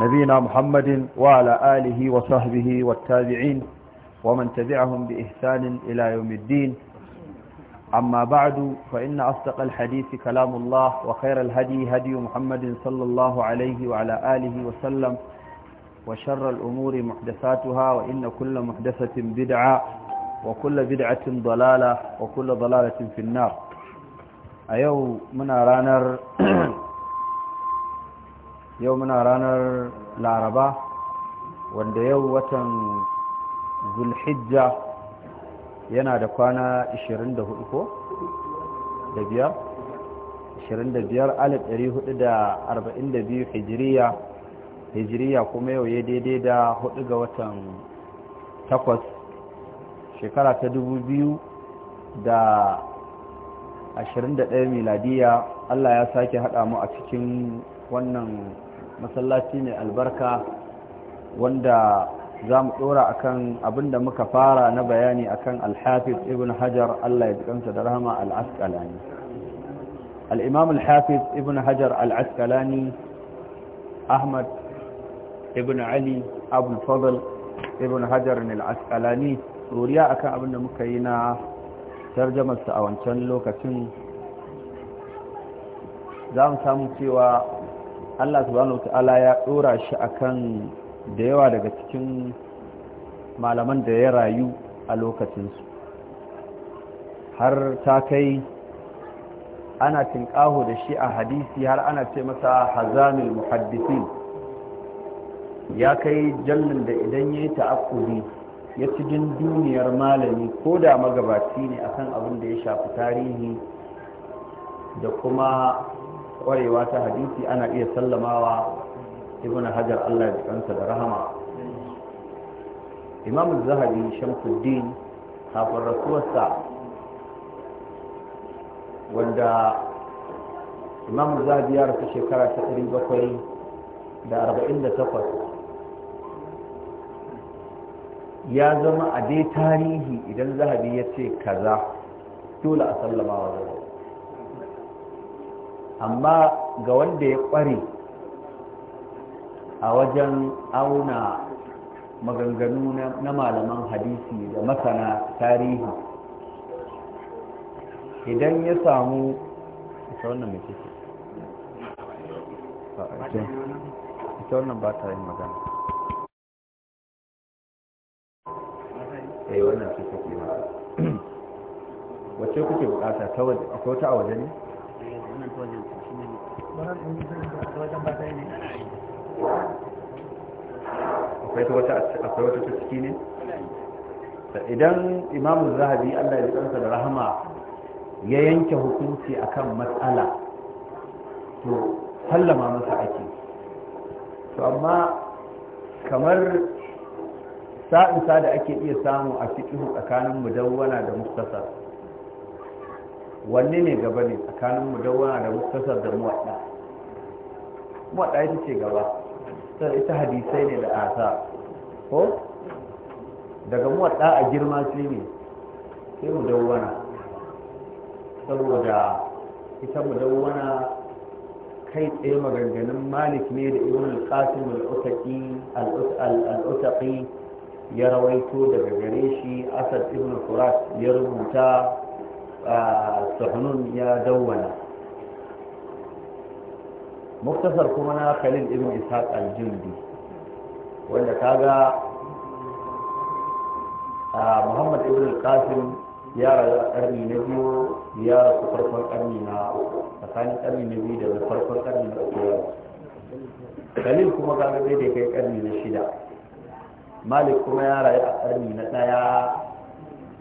نبينا محمد وعلى آله وصحبه والتابعين ومن تبعهم بإحسان إلى يوم الدين أما بعد فإن أصدق الحديث كلام الله وخير الهدي هدي محمد صلى الله عليه وعلى آله وسلم وشر الأمور محدثاتها وإن كل محدثة بدعة وكل بدعة ضلالة وكل ضلالة في النار أيو من رانر yau muna ranar laraba wanda yau watan zulhijja yana da kwana 24 ko da biyar 25,442 hijiriya hijiriya kuma yau ya daidai da hudu ga watan takwas shekara ta dubu biyu da ashirin da ɗaya miladiya Allah ya sake haɗa mu a cikin wannan masallaci mai albarka wanda za mu ɗora a kan abinda muka fara na bayani a kan alhafiz ibn hajar allah ya jikansa da rahama imam al alhafiz ibn hajar al'askalani ahmad ibn ali abul fadl ibn hajar al'askalani ruriya a kan abinda muka yi na tarjamarsa a wancan lokacin za mu samu cewa Allah subhanahu ya ɗora shi akan da yawa daga cikin malaman da ya rayu a lokacinsu har ta kai ana tinkaho da shi a hadisi har ana ce masa hazamil muhaddisin ya kai jallin da idan ya yi ya ci jin duniyar malami ko da magabaci ne akan abin da ya shafi tarihi da kuma kwarewa ta hadisi ana iya sallamawa ibn hajar allah ya kansa da rahama imam zahabi shamsuddin kafin rasuwarsa wanda imam zahabi ya rasu shekara ta 748 ya zama a dai tarihi idan zahabi ya ce kaza dole a sallama wa zahabi amma ga wanda ya kware a wajen auna maganganu na malaman hadisi da masana tarihi idan ya samu ita wannan mai ciki ita wannan ba ta yin magana eh, wannan ce take wacce kuke bukata ta waje wata a waje ne wannan shi ne idan imamu zahabi Allah ya kansa da rahama ya yanke hukunci akan matsala to sallama masa ake to amma kamar sa'insa da ake iya samu a fiƙihu tsakanin mudawwana da mustasa wanne ne gaba ne tsakanin mu dawa da muktasar da muwadda muwadda ita ce gaba sai ita hadisai ne da asa ko daga muwadda a girma shi ne sai mudawwana saboda ita mu mudawwana kai tsaye maganganun malik ne da irin al-qasim al ya rawaito daga gare shi asad ibn furat ya rubuta sahnun ya dawwana muktasar kuma na khalil ibn ishaq al-jundi wanda kaga muhammad ibn al-qasim ya rayu a ƙarni na biyu ya rasu farkon ƙarni na tsakanin ƙarni na biyu da farkon ƙarni na uku khalil kuma kaga dai da kai ƙarni na shida malik kuma ya rayu a ƙarni na ɗaya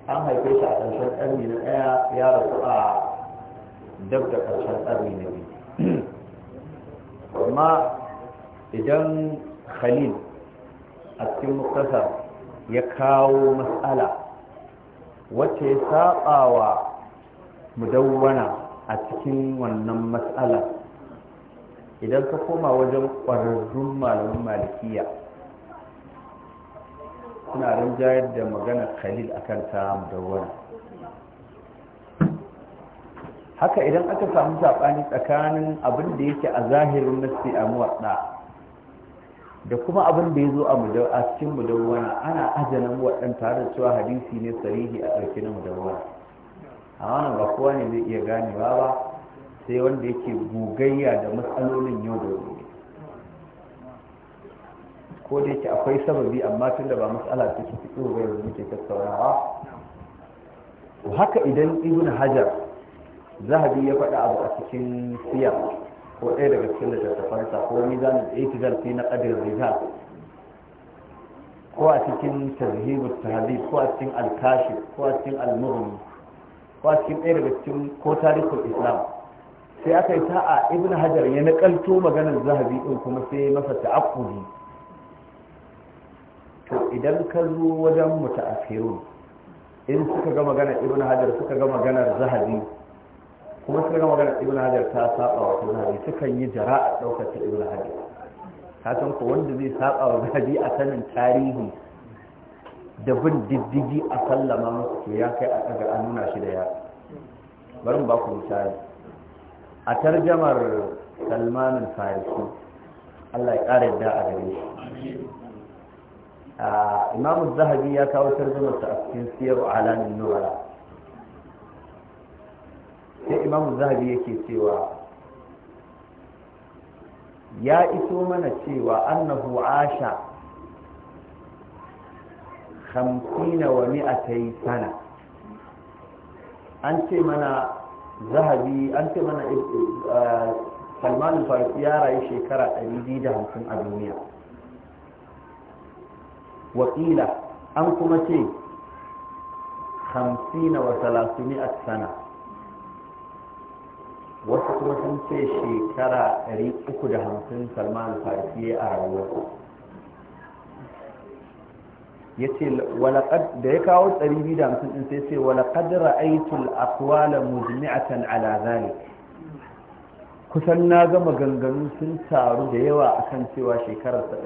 an haife shi a ƙarshen ƙarni na ɗaya ya rasu a dab da ƙarshen ƙarni na biyu amma idan khalil a cikin muktasar ya kawo matsala wacce ya saba wa mudawwana a cikin wannan matsala idan ka koma wajen ƙwararrun malamin malikiya suna rinjayar da magana khalil akan ta mudawwana haka idan aka samu saɓani tsakanin abin da yake a zahirin nasi a muwaɗa da kuma abin da ya zo a cikin mudawwana ana ajanin waɗan tare da cewa hadisi ne sarihi a ɗauki na mudawwana amma nan ba kowa ne zai iya ganewa ba sai wanda yake gogayya da matsalolin yau da gobe ko da yake akwai sababi amma tun da ba matsala ce ta fito ba yanzu muke tattaunawa haka idan ibn hajar zahabi ya faɗa abu a cikin siya ko ɗaya daga cikin littattafansa ko mizanin itizal fi na ƙadir rijal ko a cikin tarhibu tahdid ko a cikin alkashi ko a cikin almughni ko a cikin ɗaya daga cikin ko tarihul islam sai aka yi sa'a ibn hajar ya nakalto maganar zahabi ɗin kuma sai masa ta'aqqudi to idan ka zo wajen mutaakhirun in suka ga magana ibn hajar suka ga maganar zahabi kuma suka ga maganar ibn hajar ta saba wa zahabi sukan yi jara daukar ta ibn hajar ka san ko wanda zai saba wa zahabi a sanin tarihi da bin diddigi a sallama musu to ya kai a daga an nuna shi da ya bari mu ba ku misali a tarjamar salmanin farisi Allah ya ƙara yadda a gare shi imam zahabi ya kawo tarjumarsa a cikin siyar alamin nubala sai imam zahabi yake cewa ya iso mana cewa annahu asha hamsina wa mi'atai sana an ce mana zahabi an ce mana salman farisi ya rayu shekara 250 a duniya wakila an kuma ce hamsina wa salasini a sana wasu kuma sun ce shekara 350 salman farisi a rayuwa ya ce da ya kawo 250 din sai ce walaƙad ra'aitul aqwala mujmi'atan ala zalik kusan na ga ganganu sun taru da yawa a kan cewa shekarar sa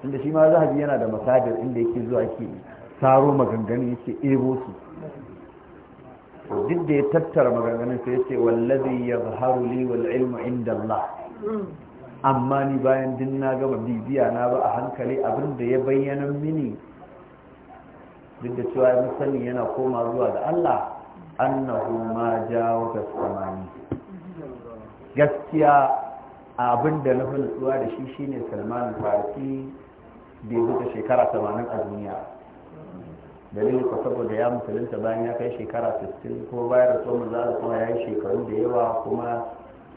tun da shi ma zahabi yana da masajar inda yake zuwa ke taro maganganu ce ebo su duk da ya tattara maganganun sai ce wallazi yazharu li wal ilmu inda Allah amma ni bayan din na gama bibiya na ba a hankali abin da ya bayyana mini duk da cewa ya sani yana koma zuwa da Allah annahu ma jawo ga samani gaskiya abin da na fi nutsuwa da shi shine salman farki bai wuce shekara 80 a duniya dalilin ka saboda ya musulunta bayan ya kai shekara 60 ko bayan rasuwa mu za a kuma ya yi shekaru da yawa kuma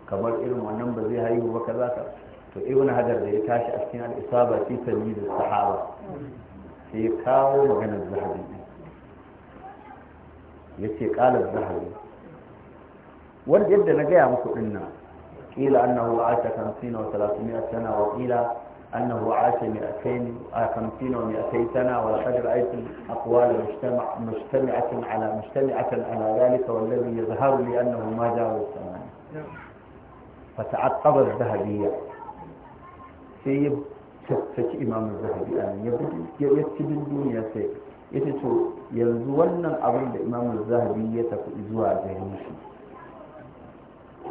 kamar irin wannan ba zai haihu ba kaza ka to ibn hajar da ya tashi a cikin al-isaba fi da sahaba sai kawo maganar zahabi ya ce ƙalar zahabi wanda yadda na gaya muku ɗin قيل أنه عاش خمسين وثلاثمائة سنة وقيل أنه عاش مئتين آه، خمسين ومئتين سنة ولقد رأيت الأقوال مجتمع مجتمعة على مجتمعة على ذلك والذي يظهر لي أنه ما جاوز الثمانية فتعقب الذهبية في tattaki إمام الذهبي a ya يكتب الدنيا سيء ya ce to yanzu إمام abin da إزواجه zahabi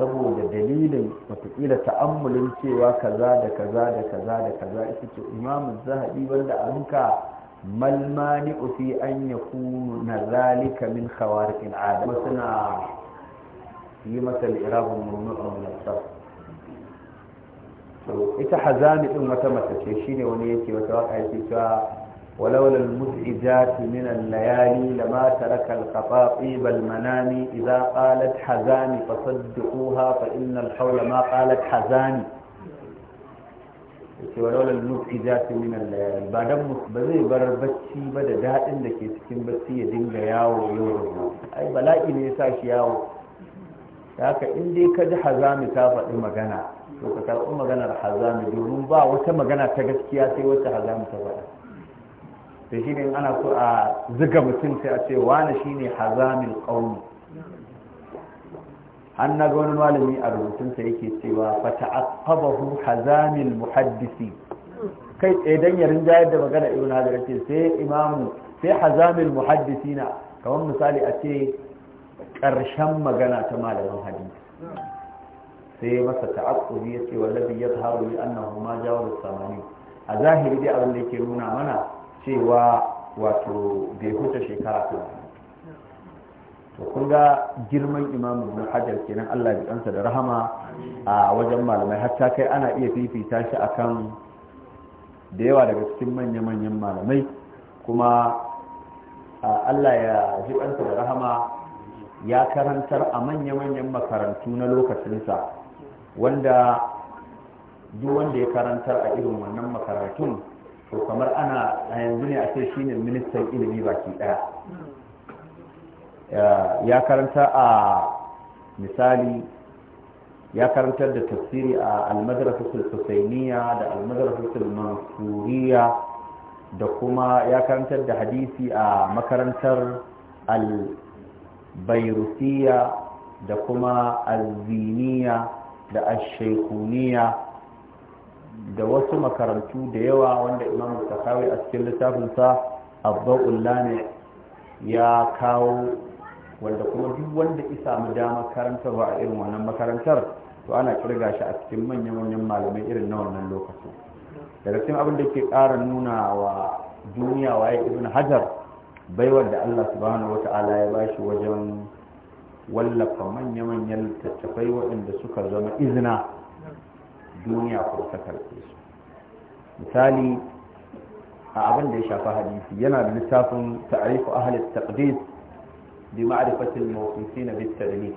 saboda dalilin wataƙila ta'ammulin cewa kaza da kaza da kaza da kaza ita ce imamu zahabi wanda an ka malmani ofi an ya kunu na zalika min khawarikin adam suna yi masa irabun murmurin nasar ita hazami ɗin wata mace ce shine wani yake wata waka yake cewa ولولا المزعجات من الليالي لما ترك الخطاطيب المنام إذا قالت حزاني فصدقوها فإن الحول ما قالت حزاني ce wa raular nufi za ta layari ba dan ba zai bar bacci ba da daɗin da ke cikin bacci ya dinga yawo yau da ai bala'i ne ya sa shi yawo haka in dai ka ji hazami ta faɗi magana to ka karɓi maganar hazami domin ba wata magana ta gaskiya sai wata hazami ta faɗa da shi ne ana so a ziga mutum sai a ce wani shi ne hazamin ƙauni an na wani malami a rubutunsa yake cewa fata asabahu hazamin muhaddisi kai tsaye don ya da magana ibn hajar ce sai imamu sai hazamin muhaddisi na kamar misali a ce ƙarshen magana ta malamin hadisi sai masa ta'aqqudi yace wallazi yadhharu li annahu ma jawara samani a zahiri dai abin da yake nuna mana cewa wato bai huta shekara ta to kun ga girman imamu ibn hajar kenan Allah ya kansa da rahama a wajen malamai hatta kai ana iya fifita shi akan da yawa daga cikin manya-manyan malamai kuma Allah ya ji kansa da rahama ya karantar a manya-manyan makarantu na lokacinsa wanda duk wanda ya karantar a irin wannan makarantun to kamar ana a yanzu ne a ce shine ministan ilimi baki daya ya karanta a misali ya karantar da tafsiri a almadrasatul husainiya da almadrasatul mansuriya da kuma ya karantar da hadisi a makarantar albairusiya da kuma alziniya da ashaikuniya da wasu makarantu da yawa wanda imam kawai a cikin littafinsa abba'ul ne ya kawo wanda kuma duk wanda isa mu dama ba a irin wannan makarantar to ana kirga shi a cikin manya-manyan malamai irin na wannan lokacin daga cikin abin da ke ƙara nuna wa duniya waye ibn hajar baiwar da allah subhanahu wata'ala ya shi wajen wallafa manya-manyan littattafai waɗanda suka zama izina duniya ko ta su misali a abin da ya shafi hadisi yana da littafin ta'arifu ahli taqdis bi ma'rifatil mawqisin bit tadlis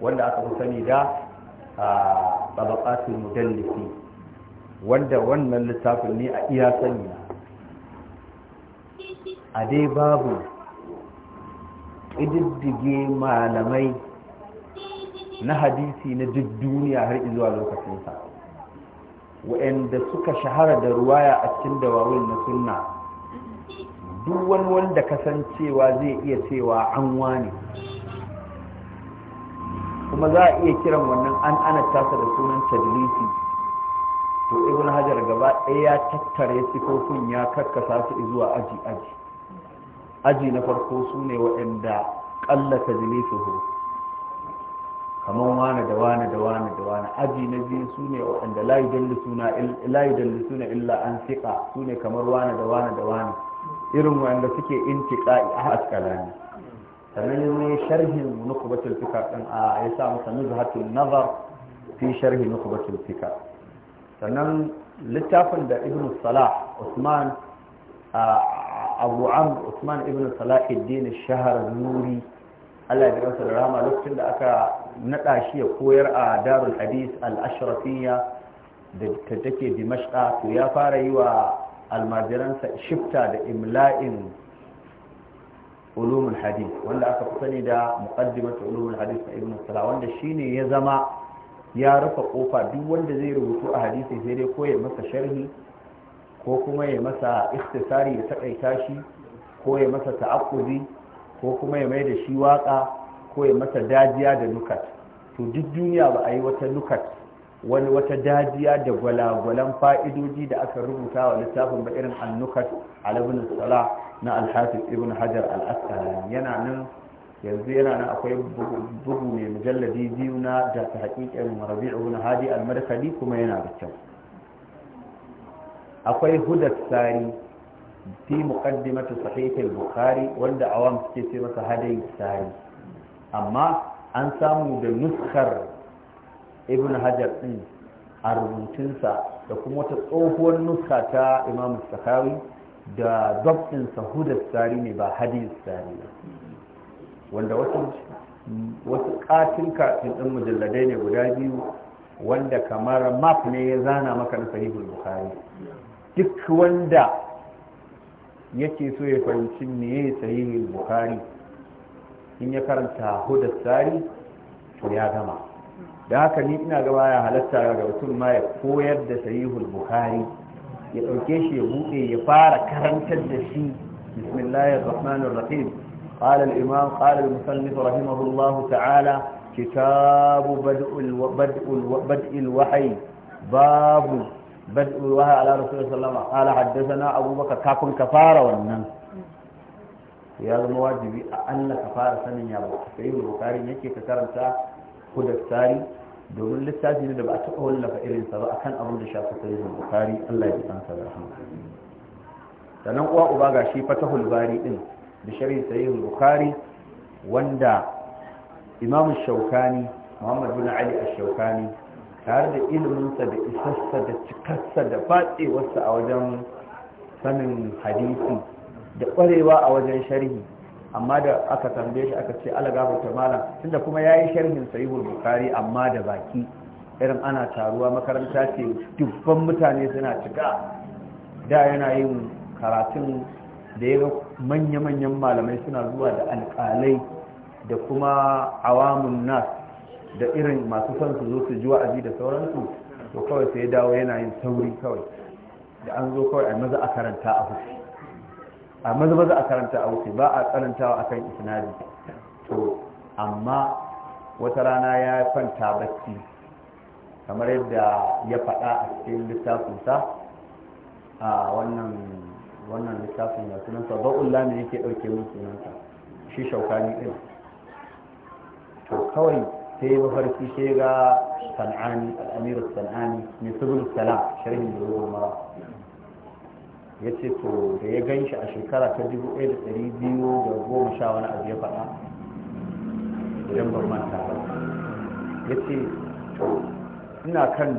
wanda aka fi sani da tabaqatul mudallisi wanda wannan littafin ne a iya sani a dai babu ƙididdige malamai na hadisi na duk duniya har zuwa lokacinsa wa'anda suka shahara da ruwaya a cikin dawawin na sunna duk wani wanda kasancewa zai iya cewa an wani kuma za a iya kiran wannan an ana tasa da sunan tadlisi to ibn hajar gaba ɗaya ya tattare sifofin ya karkasa su zuwa aji aji aji na farko su ne waɗanda ƙalla tadlisuhu kamar wani da wani da wani da wani aji na biyu su ne waɗanda layi dallisu na illa an siƙa su ne kamar wani da wani da wani irin wanda suke intika a haskala ne sannan ya mai sharhin nukubatul fika ɗin a ya sa masa nuzhatul nazar fi sharhi nukubatul fika sannan littafin da ibn salah usman abu amr usman ibn salah iddin shahar nuri Allah ya rasa da rama lokacin da aka naɗa shi ya koyar a darul hadis al-ashrafiyya da take dimashqa to ya fara yi wa almajiransa shifta da imla'in ulumul hadis wanda aka fi sani da muqaddimat ulumul hadis na ibn salah wanda shine ya zama ya rufe kofa duk wanda zai rubutu a hadisi sai dai ko ya masa sharhi ko kuma ya masa ikhtisari ya takaita shi ko ya masa ta'aqquzi ko kuma ya mai da shi waka ko ya masa dajiya da nukat to duk duniya ba a yi wata nukat wani wata dajiya da gwalagwalan fa'idoji da aka rubuta wa littafin ba irin annukat alabin salah na alhafiz ibn hajar al'asqalani yana nan yanzu yana nan akwai bugu mai mujalladi biyu na da ta haƙiƙin rabi'u na hadi al markali kuma yana da kyau akwai hudar sari fi muqaddimatu sahih al-bukhari wanda awam suke ce masa hadayi sari amma an samu da nuskar ibn hajar din a rubutunsa da kuma wata tsohuwar nuska ta imam sakari da zabtinsa hudar tsari ne ba hadis tsari wanda wasu katin katin ɗin mujalladai ne guda biyu wanda kamar map ne ya zana maka na sahihul bukari, duk wanda yake so ya fahimci ne ya sahihul bukari. in ya karanta hudar tsari to ya gama da haka ni ina gaba ya halatta ga mutum ma ya koyar da sahihul bukhari ya ɗauke shi ya buɗe ya fara karantar da shi bismillahir rahmanir rahim qala al imam qala al musannif rahimahullahu ta'ala kitabu bad'ul bad'ul bad'il wahyi babu bad'ul wahyi ala rasulullah sallallahu alaihi wasallam abubakar kafin ka fara wannan ya zama wajibi a Allah ka fara sanin ya ba sai bukarin yake ka karanta hudassari domin littafi ne da ba a taɓa wallafa irin sa ba akan abin da shafi sai bukari Allah ya kansa ka rahama sanan uwa uba ga shi fatahul bari din da sharhi sahih bukhari wanda imam shaukani muhammad bin ali ash-shaukani tare da iliminsa da isassa da cikarsa da fatsewarsa a wajen sanin hadisi da ƙwarewa a wajen sharhi amma da aka tambaye shi aka ce alagabar malam tunda kuma ya yi sharhin sahihul bukari amma da baki irin ana taruwa makaranta ce dubban mutane suna cika da yana yin karatun da ya manya-manyan malamai suna zuwa da alƙalai da kuma awamun nas da irin masu son su zo su ji wa'azi da sauransu to kawai sai dawo yana yin sauri kawai da an zo kawai a maza a karanta a hutu a maza maza a karanta a wuce ba a a akan isnadi to amma wata rana ya fanta bacci kamar yadda ya faɗa a cikin littafinsa a wannan wannan littafin da sunansa ba'ulla ne yake ɗauke mun sunanta shi shaukani ɗin to kawai sai mafarki sai ga san'ani al'amiru san'ani mai salam sharhin da ruwa ya ce to da ya gan shi a shekara ta 1210 sha wani abu ya faɗa idan ban manta ba ya ce to ina kan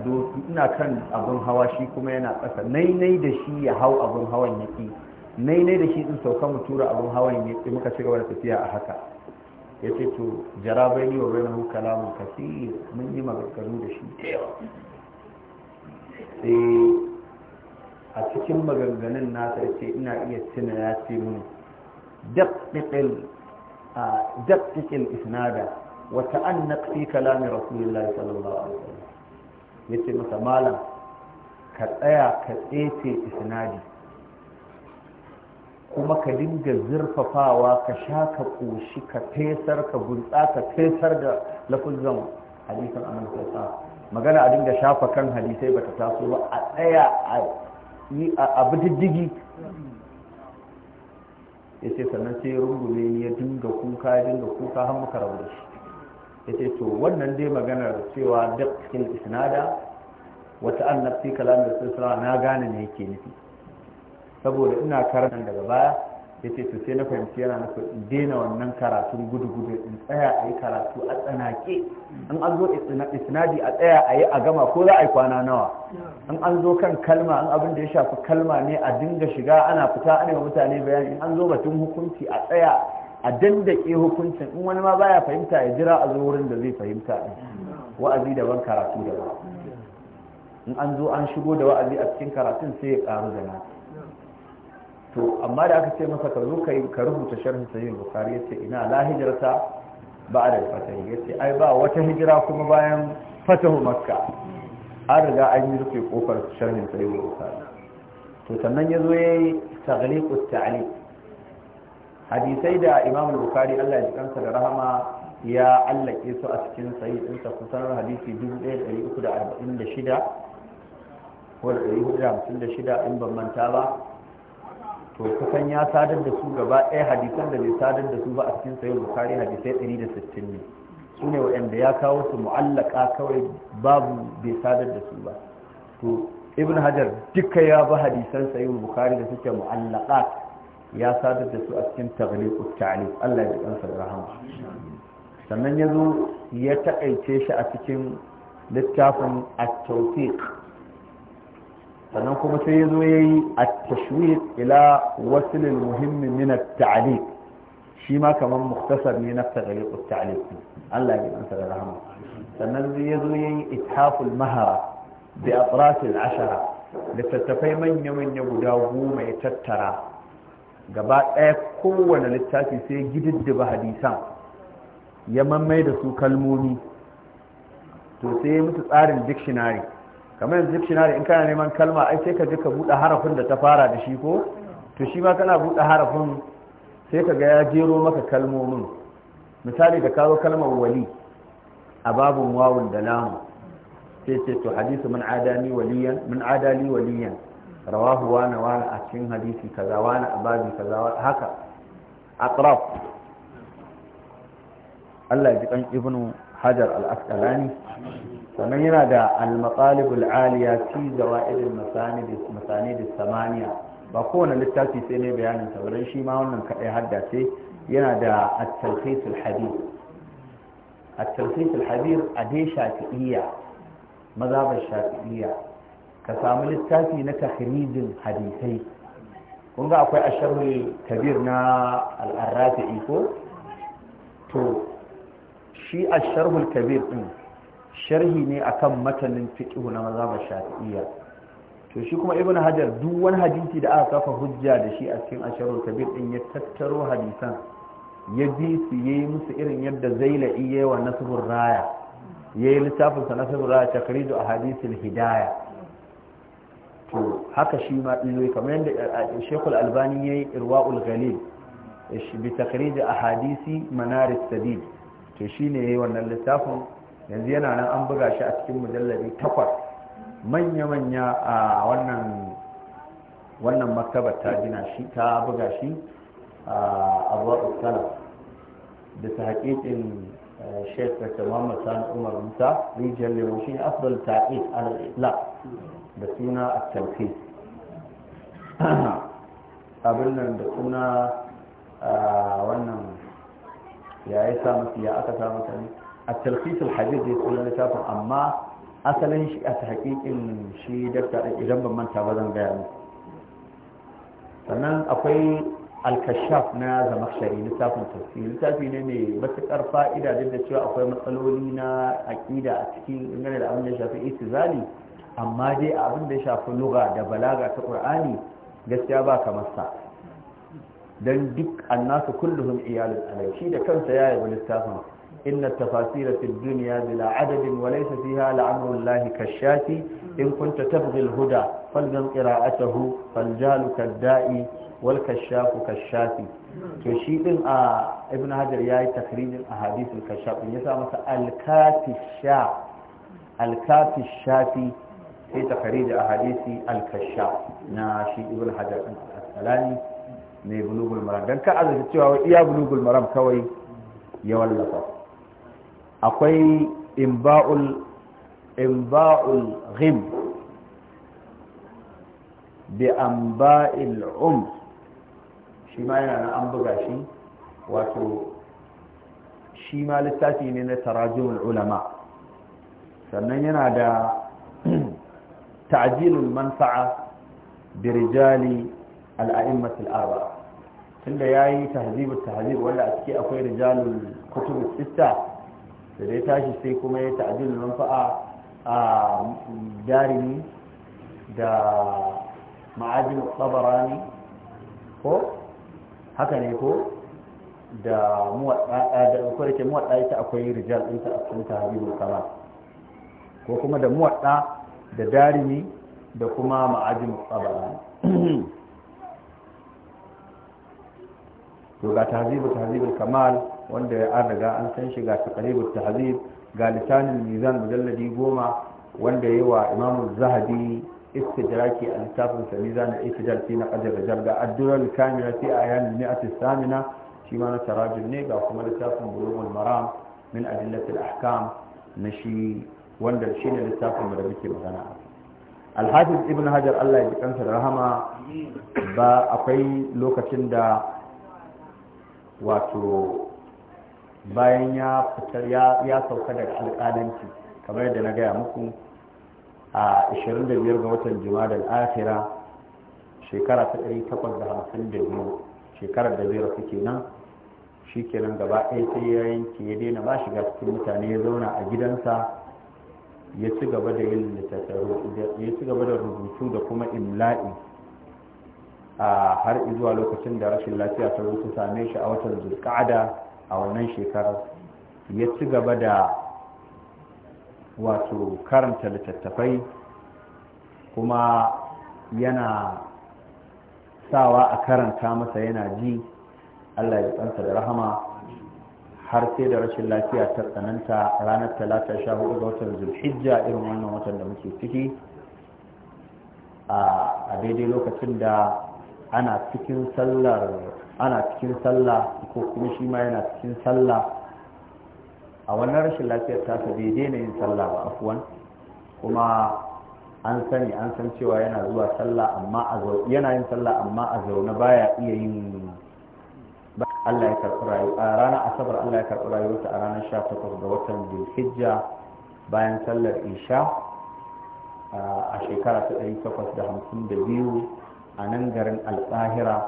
abin hawa shi kuma yana ƙasa nainai da shi ya hau abin hawan ya ƙi nainai da shi in sauka mu tura abin hawan ya ƙi muka ci gaba da tafiya a haka ya ce to jarabai ne wa bai na kalamun mun kasi mun yi maganganu da shi da yawa a cikin maganganun nasa ce ina iya tuna ya ce mun daktikil isnada wata an na fi kalamin rasulullah sallallahu alaihi wasallam ya ce masa malam ka tsaya ka tsefe isnadi kuma ka dinga zurfafawa ka sha ka ƙoshi ka fesar ka gutsa ka fesar da lafuzan hadisan annabi magana a dinga shafa kan hadisai bata taso ba a tsaya a yi abu diddigi ya ce sannan sai rungume ni ya dinga kuka ya dinga kuka har muka rabu da shi ya ce to wannan dai maganar cewa duk cikin isnada wata an nafi sun sisra na gane ne yake nufi saboda ina karanta daga baya ya ce to sai na fahimci yana nufin in daina wannan karatun gudu-gudu in tsaya a yi karatu a tsanake in an zo isnadi a tsaya a yi a gama ko za a yi kwana nawa in an zo kan kalma in abin da ya shafi kalma ne a dinga shiga ana fita ana wa mutane bayani in an zo batun hukunci a tsaya a dandake hukuncin in wani ma baya fahimta ya jira a zo wurin da zai fahimta wa'azi daban karatu daban in an zo an shigo da wa'azi a cikin karatun sai ya karu da nasa to amma da aka ce masa ka zo ka rubuta sharhin sahih bukhari yace ina la hijrata ba'da al-fatah yace ai ba wata hijira kuma bayan fatahu makka an riga an yi rufe kofar sharhin sahih bukhari to sannan zo yayi taghliq taliq hadisai da imam bukhari Allah ya kansa da rahama ya allake su a cikin sahih ɗinsa kusan hadisi 1346 ko 1456 in ban manta ba to kusan ya sadar da su gaba ɗaya hadisan da bai sadar da su ba a cikin sayo bukari hadisai 160 ne su ne waɗanda ya kawo su mu'allaka kawai babu bai sadar da su ba to ibn hajar duka ya ba hadisan sayo bukari da suke mu'allaka ya sadar da su a cikin taghliqut ta'liq Allah ya ji kansa da rahama sannan ya zo ya taƙaice shi a cikin littafin at-tawfiq sannan kuma sai ya zo ya yi a tashwiq ila wasilin muhimmi min at-ta'liq shi ma kamar muktasar ne na tagaliq at-ta'liq Allah ya ansa da rahama sannan ya zo ya yi ithaful mahara bi atraf al-ashara littattafai manya-manya guda goma ya tattara gaba ɗaya kowane littafi sai gididdiba hadisan ya mammai da su kalmomi to sai mutu tsarin dictionary kamar yanzu dictionary in kana neman kalma ai sai ka je ka buɗe harafin da ta fara da shi ko to shi ma kana buɗe harafin sai ka ga ya jero maka kalmomin misali da kawo kalmar wali a babun wawun da lamu sai ce to hadisu min adali waliyan min adali waliyan rawahu wana wana a cikin hadisi kaza wana a babi kaza haka atraf Allah ya ji kan ibnu hajar al-asqalani ومن ينادى المطالب العالية في زوائد المساند المساند الثمانية بقونا للتاتي سيني بيان تغرين شي ما هون من كأي حد داتي ينادى التلخيص الحديث التلخيص الحديث أدي شاكئية مذاب الشاكئية كسامل التاتي نتخريج الحديثي كنت أقول أشهر كبيرنا الأرات إيكو تو شي الشرح الكبير إيه. sharhi ne akan matanin fiqh na mazhab shafi'iyya to shi kuma ibn hajar duk wani hadisi da aka kafa hujja da shi a cikin asharul kabir din ya tattaro hadisan ya bi su yayi musu irin yadda zailai yayi wa nasbur raya yayi littafin sa nasbur raya takridu ahadithul Hidaya. to haka shi ma dillo kamar yadda shekul albani yayi irwaul ghalil bi takridu ahadisi manar as-sadid to shine yayi wannan littafin yanzu yana nan an buga shi a cikin mujallabi takwas manya-manya a wannan wannan maktabar ta gina shi ta buga shi a abuwa salaf ta haƙiƙin eh, sheikh dr muhammad sani umar musa rijiyar lemo shi ne afdal ta'id al da suna a tauki abin nan da suna wannan ya yi ya aka sa a talfisul hadith ya sunan littafin amma asalin shi a hakikin shi dakta idan ban manta ba zan gaya mu sannan akwai alkashaf na zamakshari littafin tafsir littafi ne mai matuƙar fa'ida duk da cewa akwai matsaloli na aƙida a cikin ingane da abin da shafi istizali amma dai abin da ya shafi lugha da balaga ta Kur'ani gaskiya ba kamar sa dan duk annasu kulluhum iyalin alai da kansa ya yabi littafin إن التفاسير في الدنيا بلا عدد وليس فيها لعمر الله كالشاتي إن كنت تبغي الهدى فالجن قراءته فالجال كالدائي والكشاف كالشاتي تشيد آه ابن هجر ياي تخريج الأحاديث الكشاف يسا مثلا الكاتي الشاف الكاتي الشاتي في تخريج أحاديث الكشاف ناشي ابن هجر الأسلاني ne bulugul المرام don ka arziki المرام كوي bulugul maram akwai imba'ul imba'ul ghim bi amba'il um shi ma yana an buga shi wato shi ma littafi ne na tarajumul ulama sannan yana da ta'jilul manfa'a bi rijali al al'a'immatul arba tunda yayi tahzibut tahzib wanda a ciki akwai rijalul kutubus sittah da dai tashi sai kuma ya ta'adil manfa'a a jarimi da ma'ajin tsabarani ko haka ne ko da kwarke muwaɗa ita akwai rijal ɗinta a cikin tarihi kama ko kuma da muwaɗa da darimi da kuma ma'ajin tsabarani to ga tahzibu tahzibul kamal wanda an riga an san shi ga taqribut tahzib ga lisanul mizan mujalladi goma wanda yayi wa imam zahabi istidraki a littafin sa mizan al-ittidal fi naqd al-rajal ga ad-dural kamila fi ayan al-mi'at samina shi ma na ne ga kuma littafin bulughul maram min adillat al-ahkam na shi wanda shine littafin da muke magana al-hafiz ibn hajar Allah ya ji kansa da rahama ba akwai lokacin da wato bayan ya fitar ya sauka daga alƙalanci kamar yadda na gaya muku a 25 ga watan jumada al'afira shekara ta 852 shekarar da zai rasu kenan shi kenan gaba ɗaya sai ya yanke ya daina ba shiga cikin mutane ya zauna a gidansa ya ci gaba da yin littattafai ya ci gaba da rubutu da kuma imla'i har zuwa lokacin da rashin lafiya ta zo ta same shi a watan zulƙa'ada a wannan shekarar ya ci gaba da wato karanta littattafai kuma yana sawa a karanta masa yana ji Allah ya tsansa da rahama har sai da rashin lafiya ta tsananta ranar talata sha hudu ga watan zulhijja irin wannan watan da muke ciki a daidai lokacin da ana cikin sallar ana cikin sallah ko kuma shi ma yana cikin sallah a wannan rashin lafiyar tasa bai daina yin sallah ba afuwan kuma an sani an san cewa yana zuwa sallah amma a yana yin sallah amma a zaune baya iya yin Allah ya karɓi rayuwa a ranar asabar Allah ya karɓi rayuwarsa a ranar 18 ga watan Zulhijja bayan sallar Isha a shekara ta 1852 a nan garin alƙahira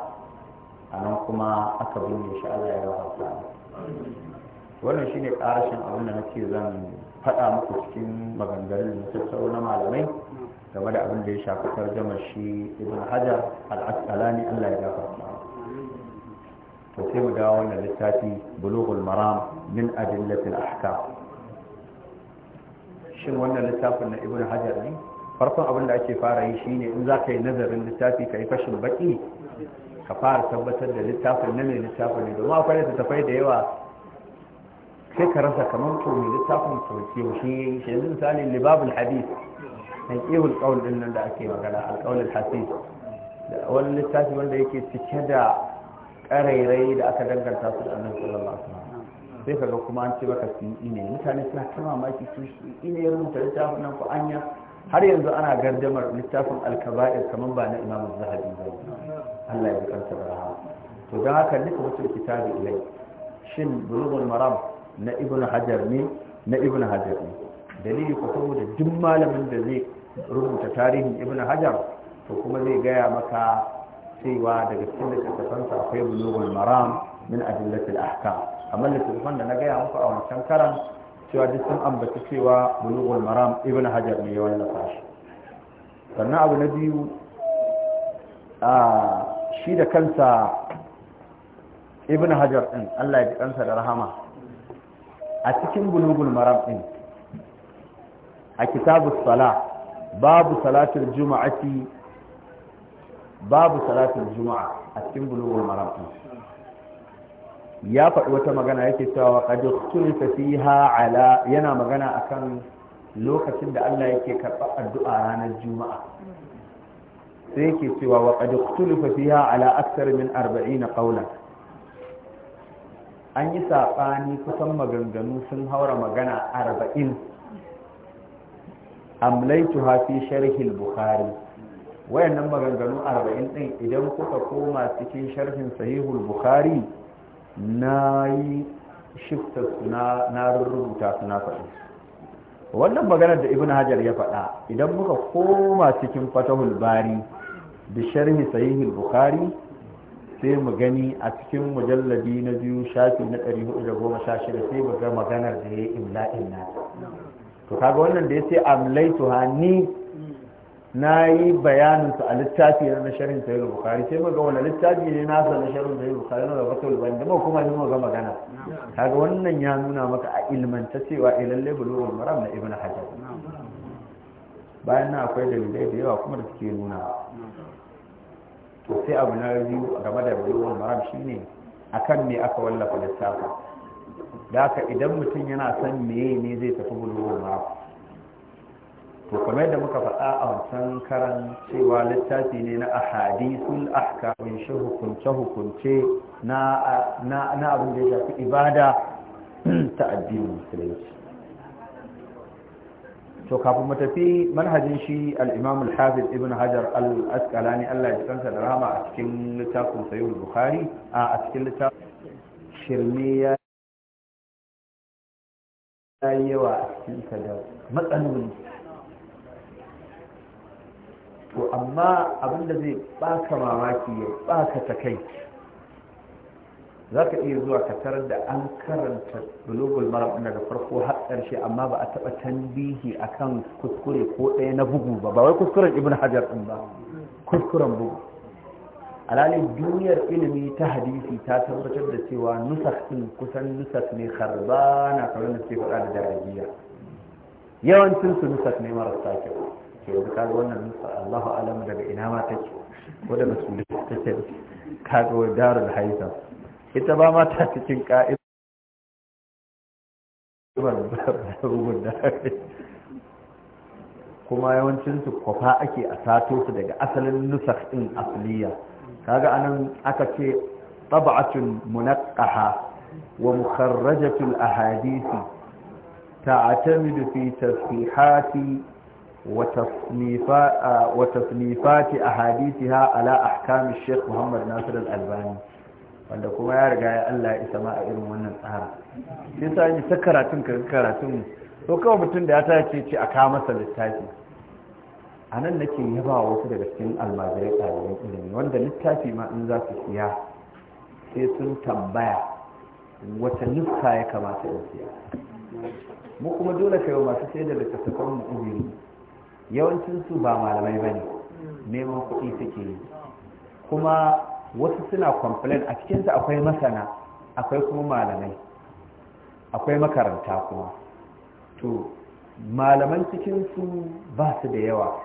a nan kuma aka binne shi Allah ya rawa wannan shine ƙarashin abin da nake zan faɗa muku cikin maganganun da na malamai game da abin da ya shafi tarjamar shi ibn hajar al-asqalani Allah ya gafarta to sai mu dawo wannan littafi bulughul maram min adillatil ahkam shin wannan littafin na ibn hajar ne farkon abin da ake fara yi shine in za ka yi nazarin littafi ka yi fashin baki ka fara tabbatar da littafin na mai littafin ne domin akwai littattafai da yawa sai ka rasa kamar to mai littafin to shi ya yi shi yanzu misali libabul hadis an kewul kawul din nan da ake magana alkawul hasis wani littafi wanda yake cike da karairai da aka danganta su da annabi sallallahu alaihi wasallam sai kaga kuma an ce baka su ne mutane suna ta mamaki su ne ya rubuta littafin nan ko anya har yanzu ana gardamar littafin alkaba'ir kamar ba na imam zahabi ba Allah ya bukanta da rahama to don haka duka wata kitabi ilai shin bulugul maram na Ibn hajar ne na ibnu hajar ne dalili ko saboda duk malamin da zai rubuta tarihin ibnu hajar to kuma zai gaya maka cewa daga cikin littattafansa akwai bulugul maram min adillatil ahkam amma littattafan da na gaya muku a wancan karan cewa duk sun ambaci cewa bulughul maram ibn hajar ne ya na fashi sannan abu na biyu a shi da kansa ibn hajar ɗin Allah ya ji kansa da rahama a cikin bulughul maram din a kitabus sala babu salatul juma'ati babu salatul juma'a a cikin bulughul maram din ya faɗi wata magana yake cewa qad ikhtulfa fiha ala yana magana akan lokacin da Allah yake karɓar addu'a ranar juma'a sai yake cewa wa qad ikhtulfa fiha ala aksar min 40 ƙaunar. an yi saɓani kusan maganganu sun haura magana 40 amlaituha fi sharhi al-bukhari wayannan maganganu arba'in din idan kuka koma cikin sharhin sahihul bukhari na yi shiftar suna na rubuta suna faɗi wannan maganar da ibn hajar ya faɗa idan muka koma cikin fatahul bari da sharhi sahihul bukhari sai mu gani a cikin mujalladi na biyu shafi na 416 sai mu ga maganar da ya yi imla'in na to kaga wannan da ya ce amlaituha ni na yi bayanin su a littafi na sharhin da bukari, sai maga wani littafi ne na sa na sharhin da bukari na rabatu al-bayan da kuma ni maga magana kaga wannan ya nuna maka a ilmanta cewa ilalle eh, bulughul maram na Ibn hajar bayan na akwai dalilai da yawa kuma da suke nuna to sai abu na biyu game da bulughul maram shine akan me aka wallafa littafin da haka idan mutum yana son meye ne zai tafi bulughul maram to kamar da muka faɗa a wancan karan cewa littafi ne na ahadisul ahkamin shi hukunce hukunce na abin da ya shafi ibada ta addinin musulunci to kafin mu tafi manhajin shi al-imam al-hafiz ibn hajar al-asqalani Allah ya tsanta da rama a cikin littafin Sayyid bukhari a cikin littafin shirmiya yayi yawa a cikin da matsaloli to amma abinda zai baka mamaki ya baka kai za ka iya zuwa ka tarar da an karanta global maram daga farko har ƙarshe amma ba a taɓa tambihi akan kuskure ko ɗaya na bugu ba ba wai kuskuren ibn hajar ɗin ba kuskuren bugu alali duniyar ilimi ta hadisi ta tabbatar da cewa nusar ɗin kusan nusar ne harba na kamar da ke faɗa da jarabiya yawancin su nusar ne marasa kyau yanzu kaga wannan Allahu alam daga ina ma take ko daga da take kaga darul haisa ita ba ma ta cikin ka'ida kuma su kwafa ake a sato su daga asalin nusar ɗin asliya kaga anan aka ce tab'atun munaqqaha wa mukharrajatul ahadith ta'tamidu fi tasfihati وتصنيفات أحاديثها على أحكام الشيخ محمد ناصر الألباني wanda kuma ya riga ya Allah ya isa ma a irin wannan tsara shi sa yi ta karatun ka karatun to kawai mutum da ya tace ce a kawo masa littafi a nan nake yaba wasu daga cikin almajirai ɗaliban ilimi wanda littafi ma in za su siya sai sun tambaya wata nufka ya kamata in siya mu kuma dole kai masu sai da littattafan mu yawancinsu ba malamai ba ne neman kuɗi suke yi kuma wasu suna complain a cikinsu akwai masana akwai kuma malamai akwai makaranta kuma to malaman cikinsu ba su da yawa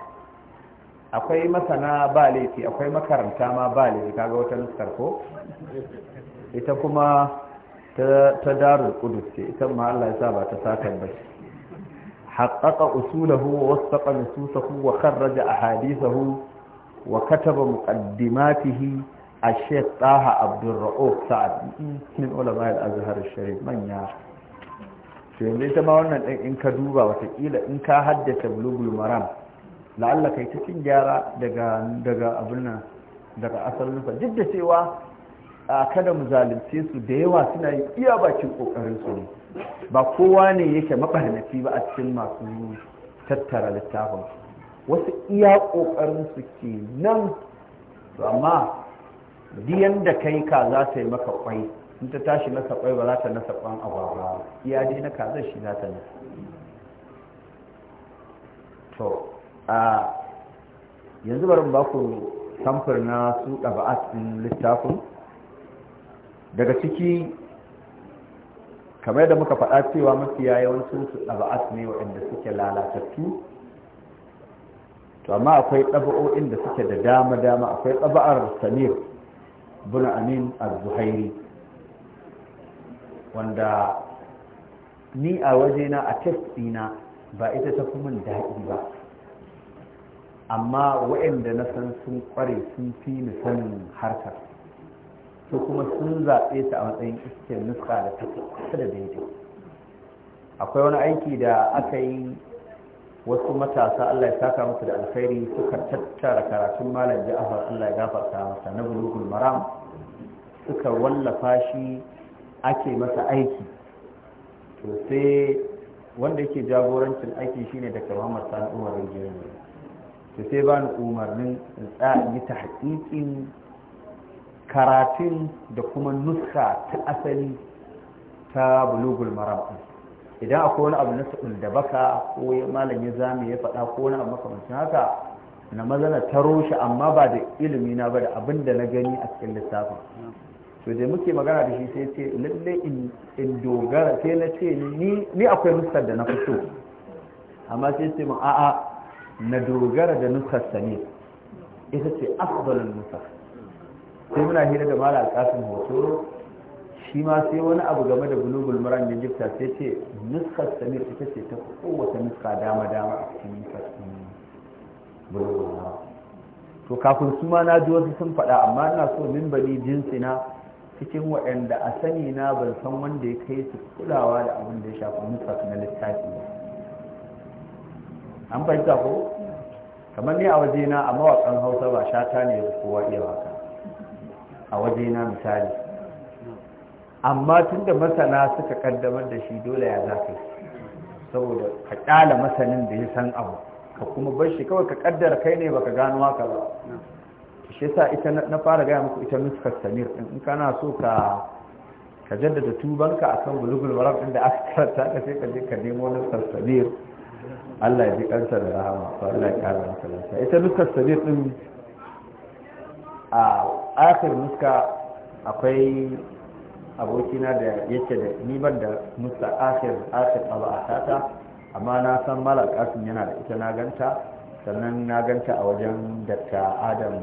akwai masana ba laifi akwai makaranta ma ba laifi kaga wata nuskar ko ita kuma ta darul kudus ce ita ma Allah ya sa ba ta satar ba حقق أصوله ووثق نصوصه وخرج أحاديثه وكتب مقدماته الشيخ طه عبد الرؤوف سعد من علماء الأزهر الشريف من يا yanzu ita ma wannan ɗin in ka duba watakila in ka haddace bulugul maram la'alla kai cikin gyara daga abin nan daga asalinsa duk da cewa kada mu zalunce su da yawa suna yi iya bakin ƙoƙarinsu ne ba kowa ne yake mabarnaci ba a cikin masu tattara littafin wasu iya ƙoƙarin su ke nan to amma diyan da kai ka za ta yi maka kwai in ta tashi nasa kwai ba za ta nasa kwan agwagwa iya dai na kazan shi za ta nasa to a yanzu bari ba ku samfur na su ɗaba'at ɗin littafin daga ciki kamar da muka faɗa cewa mafiya yawancin su ɗaba'at ne waɗanda suke lalatattu to amma akwai ɗaba'o'in da suke da dama dama akwai ɗaba'ar samir bin amin az-zuhairi wanda ni a wajena a test ɗina ba ita ta fi min daɗi ba amma waɗanda na san sun ƙware sun fi ni sanin harkar su kuma sun zaɓe ta a matsayin iskiyar nuska da ta da daidai akwai wani aiki da aka yi wasu matasa allah ya saka musu da alkhairi suka tattara karatun malam ja'afar allah ya gafarta masa na bulugul maram suka wallafa shi ake masa aiki to sai wanda yake jagorancin aiki shine daga muhammad sani umar rijiyar to sai ba ni umarnin in tsaya in yi ta haƙiƙin karatun da kuma nuska ta asali ta bulugul maram idan akwai wani abu na da baka ko malam ya zame ya faɗa ko wani abu makamancin haka na mazana na taro shi amma ba da ilimi na ba da abin da na gani a cikin littafin to da muke magana da shi sai ce lalle in dogara sai na ce ni akwai nuskar da na fito amma sai ce mu a'a na dogara da nuskar sa ne ita ce afdalul nuskar sai muna hira da mala kafin hoto shi ma sai wani abu game da bulugul maran da jifta sai ce nuskar samir ita ce ta kowace nuska dama dama a cikin nuskar bulugul to kafin su ma na ji wasu sun faɗa amma ina so min bari jinsina cikin waɗanda a sani na ban san wanda ya kai su kulawa da abin da ya shafi nuskar na littafi an fahimta ko kamar ni a waje wajena a mawakan hausa ba shata ne kowa iya waka a waje na misali amma tun da masana suka kaddamar da shi dole ya za ka saboda ka ƙyala masanin da ya san abu ka kuma bar shi kawai ka kaddara kai ne baka gano haka ba shi sa ita na fara gaya muku ita nuskar samir in kana so ka ka jaddada tubanka akan bulugul waram inda da aka karanta ka sai ka je ka nemo nuskar samir Allah ya ji kansa da rahama to Allah ya kara masa lafiya ita nuskar samir din a akar muska akwai abokina da yake da niban da musta akhir akar tsaba'atata amma na san malak asin yana da ita na ganta sannan na ganta a wajen dakta adam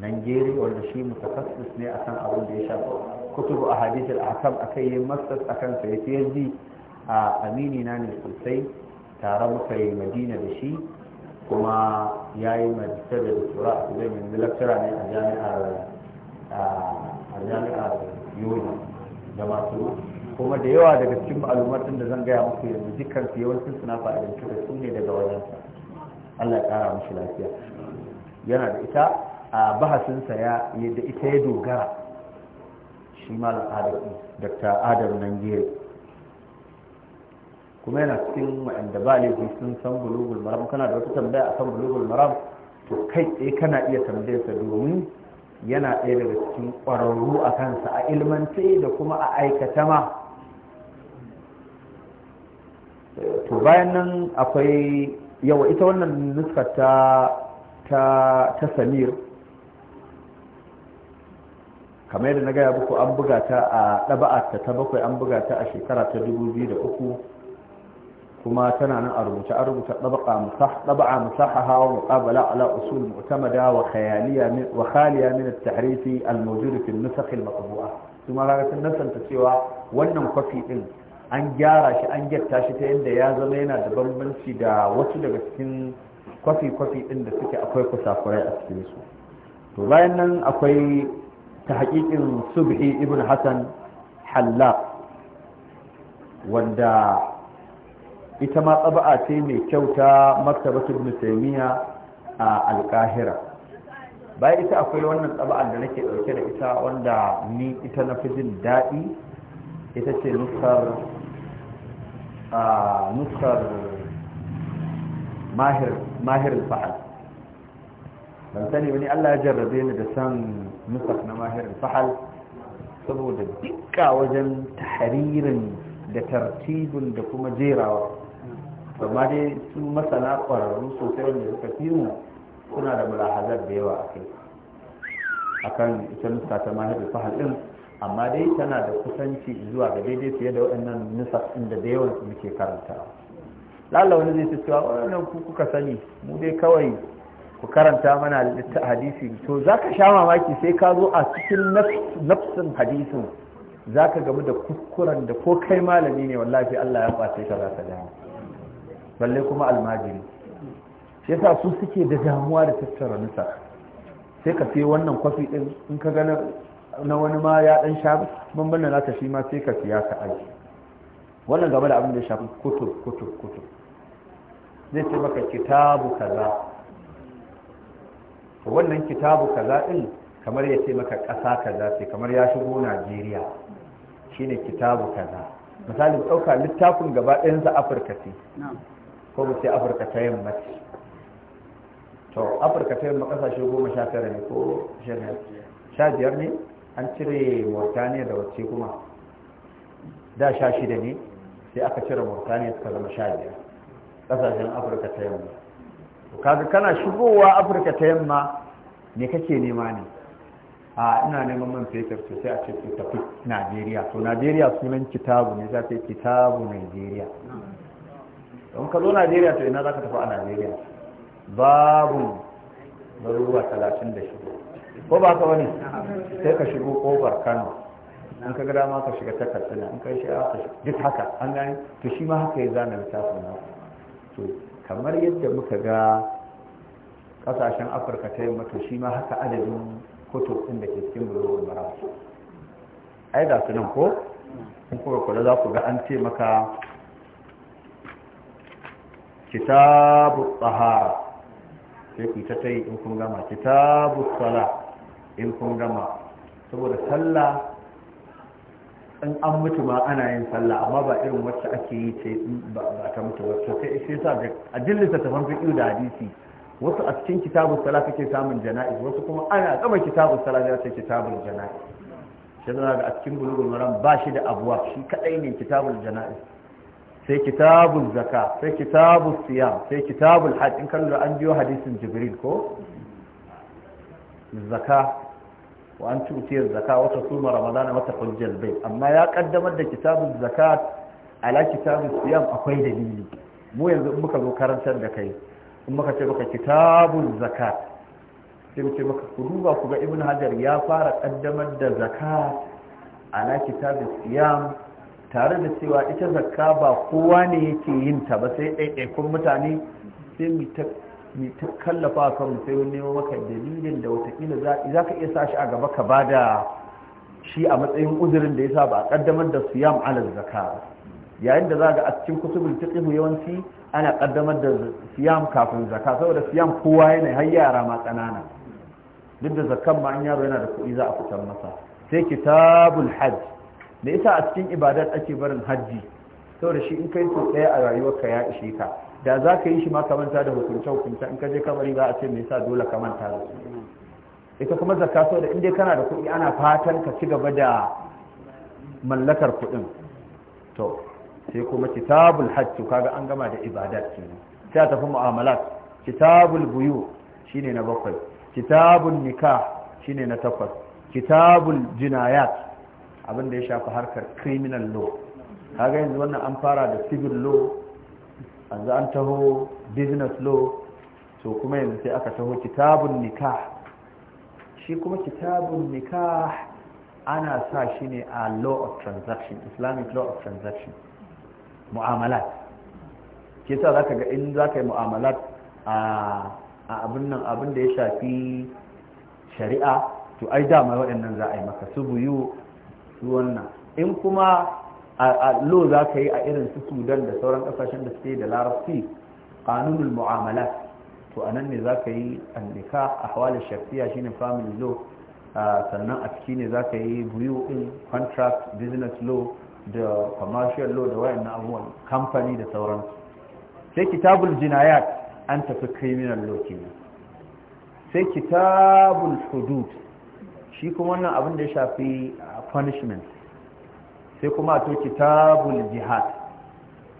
nan wanda shi mutakassis ne a san abin da ya shafa kutubu a hadisar akam a kai yin masters a kan a amini na ne sosai tare muka yi madina da shi kuma ya yi mai da tura a cikin yanzu lakcira ne a jami'ar a da masu kuma da yawa daga cikin ma'alumatin da zan gaya muku yanzu dukkan su yawancin suna fa'idantu da su ne daga wajen allah ya kara mashi lafiya yana da ita a bahasinsa ya da ita ya dogara shi malam adam dr adam nangere kuma yana cikin waɗanda ba laifi sun san bulugul maram kana da wata tambaya a kan bulugul maram to kai tsaye kana iya sa domin yana ɗaya daga cikin ƙwararru a kansa a ilmance da kuma a aikata ma to bayan nan akwai yawa ita wannan nuska ta samir kamar yadda na gaya muku an buga ta a ɗaba'arta ta bakwai an buga ta a shekara ta dubu biyu da uku. kuma tana nan a rubuta. an rubuta ɗaba'a musahaha wa muqabala ala usul mu'tamada wa khayaliya min wa khaliya min at-tahrif al-mawjud fi an-nusakh al kuma kaga sun ta cewa wannan kwafi din an gyara shi an gyatta shi ta yadda ya zama yana da bambanci da wasu daga cikin kwafi kwafi din da suke akwai kusakurai a cikin su to bayan nan akwai ta haƙiƙin subhi ibn hasan hallaq wanda ita ma tsaba'a ce mai kyauta maktabatu ibn taymiya a alkahira bayan ita akwai wannan tsaba'a da nake dauke da ita wanda ni ita na fi jin daɗi ita ce nusar a nusar mahir mahir fa'al ban sani wani Allah ya jarrabe ni da san nusar na mahir fa'al saboda dukka wajen tahririn da tartibin da kuma jerawa amma dai su masana ƙwararru sosai wanda suka fi mu suna da mulahazar da yawa a kai akan ita nusa ta mahaifi fahal ɗin amma dai tana da kusanci zuwa ga daidai fiye da waɗannan nusa inda da yawan muke karanta lalla wani zai cewa waɗannan ku kuka sani mu dai kawai ku karanta mana hadisi to za ka sha mamaki sai ka zo a cikin nafsin hadisin za ka gamu da kukuran da ko kai malami ne wallafi Allah ya ɓace ka za ka jama balle kuma almajiri shi yasa su suke da damuwa da tattara nusa sai ka sai wannan kwafi din in ka gana na wani ma ya dan sha bambam da naka shi ma sai ka siya ka aiki wannan gaba da abin da ya shafi kutur kutur kutur zai ce maka kitabu kaza wannan kitabu kaza din kamar ya ce maka ƙasa kaza ce kamar ya shigo Najeriya shine kitabu kaza misali ɗauka littafin gaba ɗayansa Afirka ce ko mu ce afirka ta yamma ce to afirka ta yamma kasashe goma sha tara ne ko sha biyar ne an cire mauritania da wacce kuma da sha shida ne sai aka cire mauritania suka zama sha biyar kasashen afirka ta yamma kaga kana shigowa afirka ta yamma ne kake nema ne a ina neman man fetur to sai a ce ta tafi najeriya to najeriya sunan kitabu ne za ta yi kitabu najeriya don ka zo najeriya to ina za ka tafi a najeriya babu garuruwa talatin da shigo ko ba ka wani sai ka shigo kofar kano An ka gada ma ka shiga ta katsina in ka shi a duk haka an gani to shi ma haka ya zana littafin na to kamar yadda muka ga kasashen afirka ta yamma to shi ma haka adadin kutub ɗin da ke cikin bulogin marasu ai da su nan ko in kuma kula za ku ga an ce maka kitabu tsahara sai ku ta ta yi in kun gama kitabu tsala in kun gama saboda sallah in an mutu ma ana yin sallah amma ba irin wacce ake yi ce ba ta mutu wacce sai ishe sa da adillin ta tafan fiqh da hadisi wasu a cikin kitabun sala kake samun jana'iz wasu kuma ana gama kitabun sala ya ce kitabun jana'iz shi zana ga a cikin bulugul maram ba shi da abuwa shi kadai ne kitabun jana'iz sai kitabul zaka sai kitabul siyam sai kitabul hajj in kallo an biyo hadisin jibril ko zaka wa an tu'tiya zaka wata Suma ramadana wa tahujjal bayt amma ya kaddamar da kitabul zakat ala kitabul siyam akwai dalili mu yanzu in muka zo karantar da kai in muka ce maka kitabul zakat sai mu ce maka ku duba ku ga ibnu hajar ya fara kaddamar da zakat ala kitabul siyam tare da cewa ita zakka ba kowa ne yake yin ta ba sai ɗaiɗaikun mutane sai mu ta kallafa kan sai wani neman maka dalilin da watakila za ka iya shi a gaba ka ba da shi a matsayin uzurin da ya sa ba a kaddamar da siyam alal zakka yayin da za ga a cikin kutubul yawanci ana ƙaddamar da siyam kafin zakka saboda siyam kowa yana har yara ma tsanana duk da zakkan ma an yaro yana da kuɗi za a fitar masa sai kitabul hajj me yasa a cikin ibadat ake barin hajji saboda shi in kai su ɗaya a rayuwarka ya ishe ka da za ka yi shi ma ka manta da hukunce hukunce in ka je kamari za a ce me yasa dole ka manta da su ita kuma zakka so da dai kana da kuɗi ana fatan ka ci gaba da mallakar kuɗin to sai kuma kitabul hajji kaga an gama da ibadat kenan sai a tafi mu'amalat kitabul buyu shine na bakwai kitabun nikah shine na takwas kitabul jinayat abin ya shafi harkar criminal law kaga yanzu wannan an fara da civil law yanzu an taho business law to kuma yanzu sai aka taho kitabun nikah shi kuma kitabun nikah ana sa shi ne a law of transaction islamic law of transaction mu'amalat ke sa za ka ga in za ka yi mu'amalat a abin nan abin da ya shafi shari'a to ai dama waɗannan za a yi maka su buyu su wannan in kuma a lo za ka yi a irin su sudan da sauran kasashen da suke da larabci kanunul mu'amala to a nan ne za ka yi annika a hawalin shafiya shine family law sannan a ciki ne za ka yi buyu in contract business law da commercial law da wayannan abubuwan kamfani da sauran sai kitabul jinayat an tafi criminal law kenan sai kitabul hudud shi kuma wannan abin da ya shafi punishment sai kuma a to kitabul jihad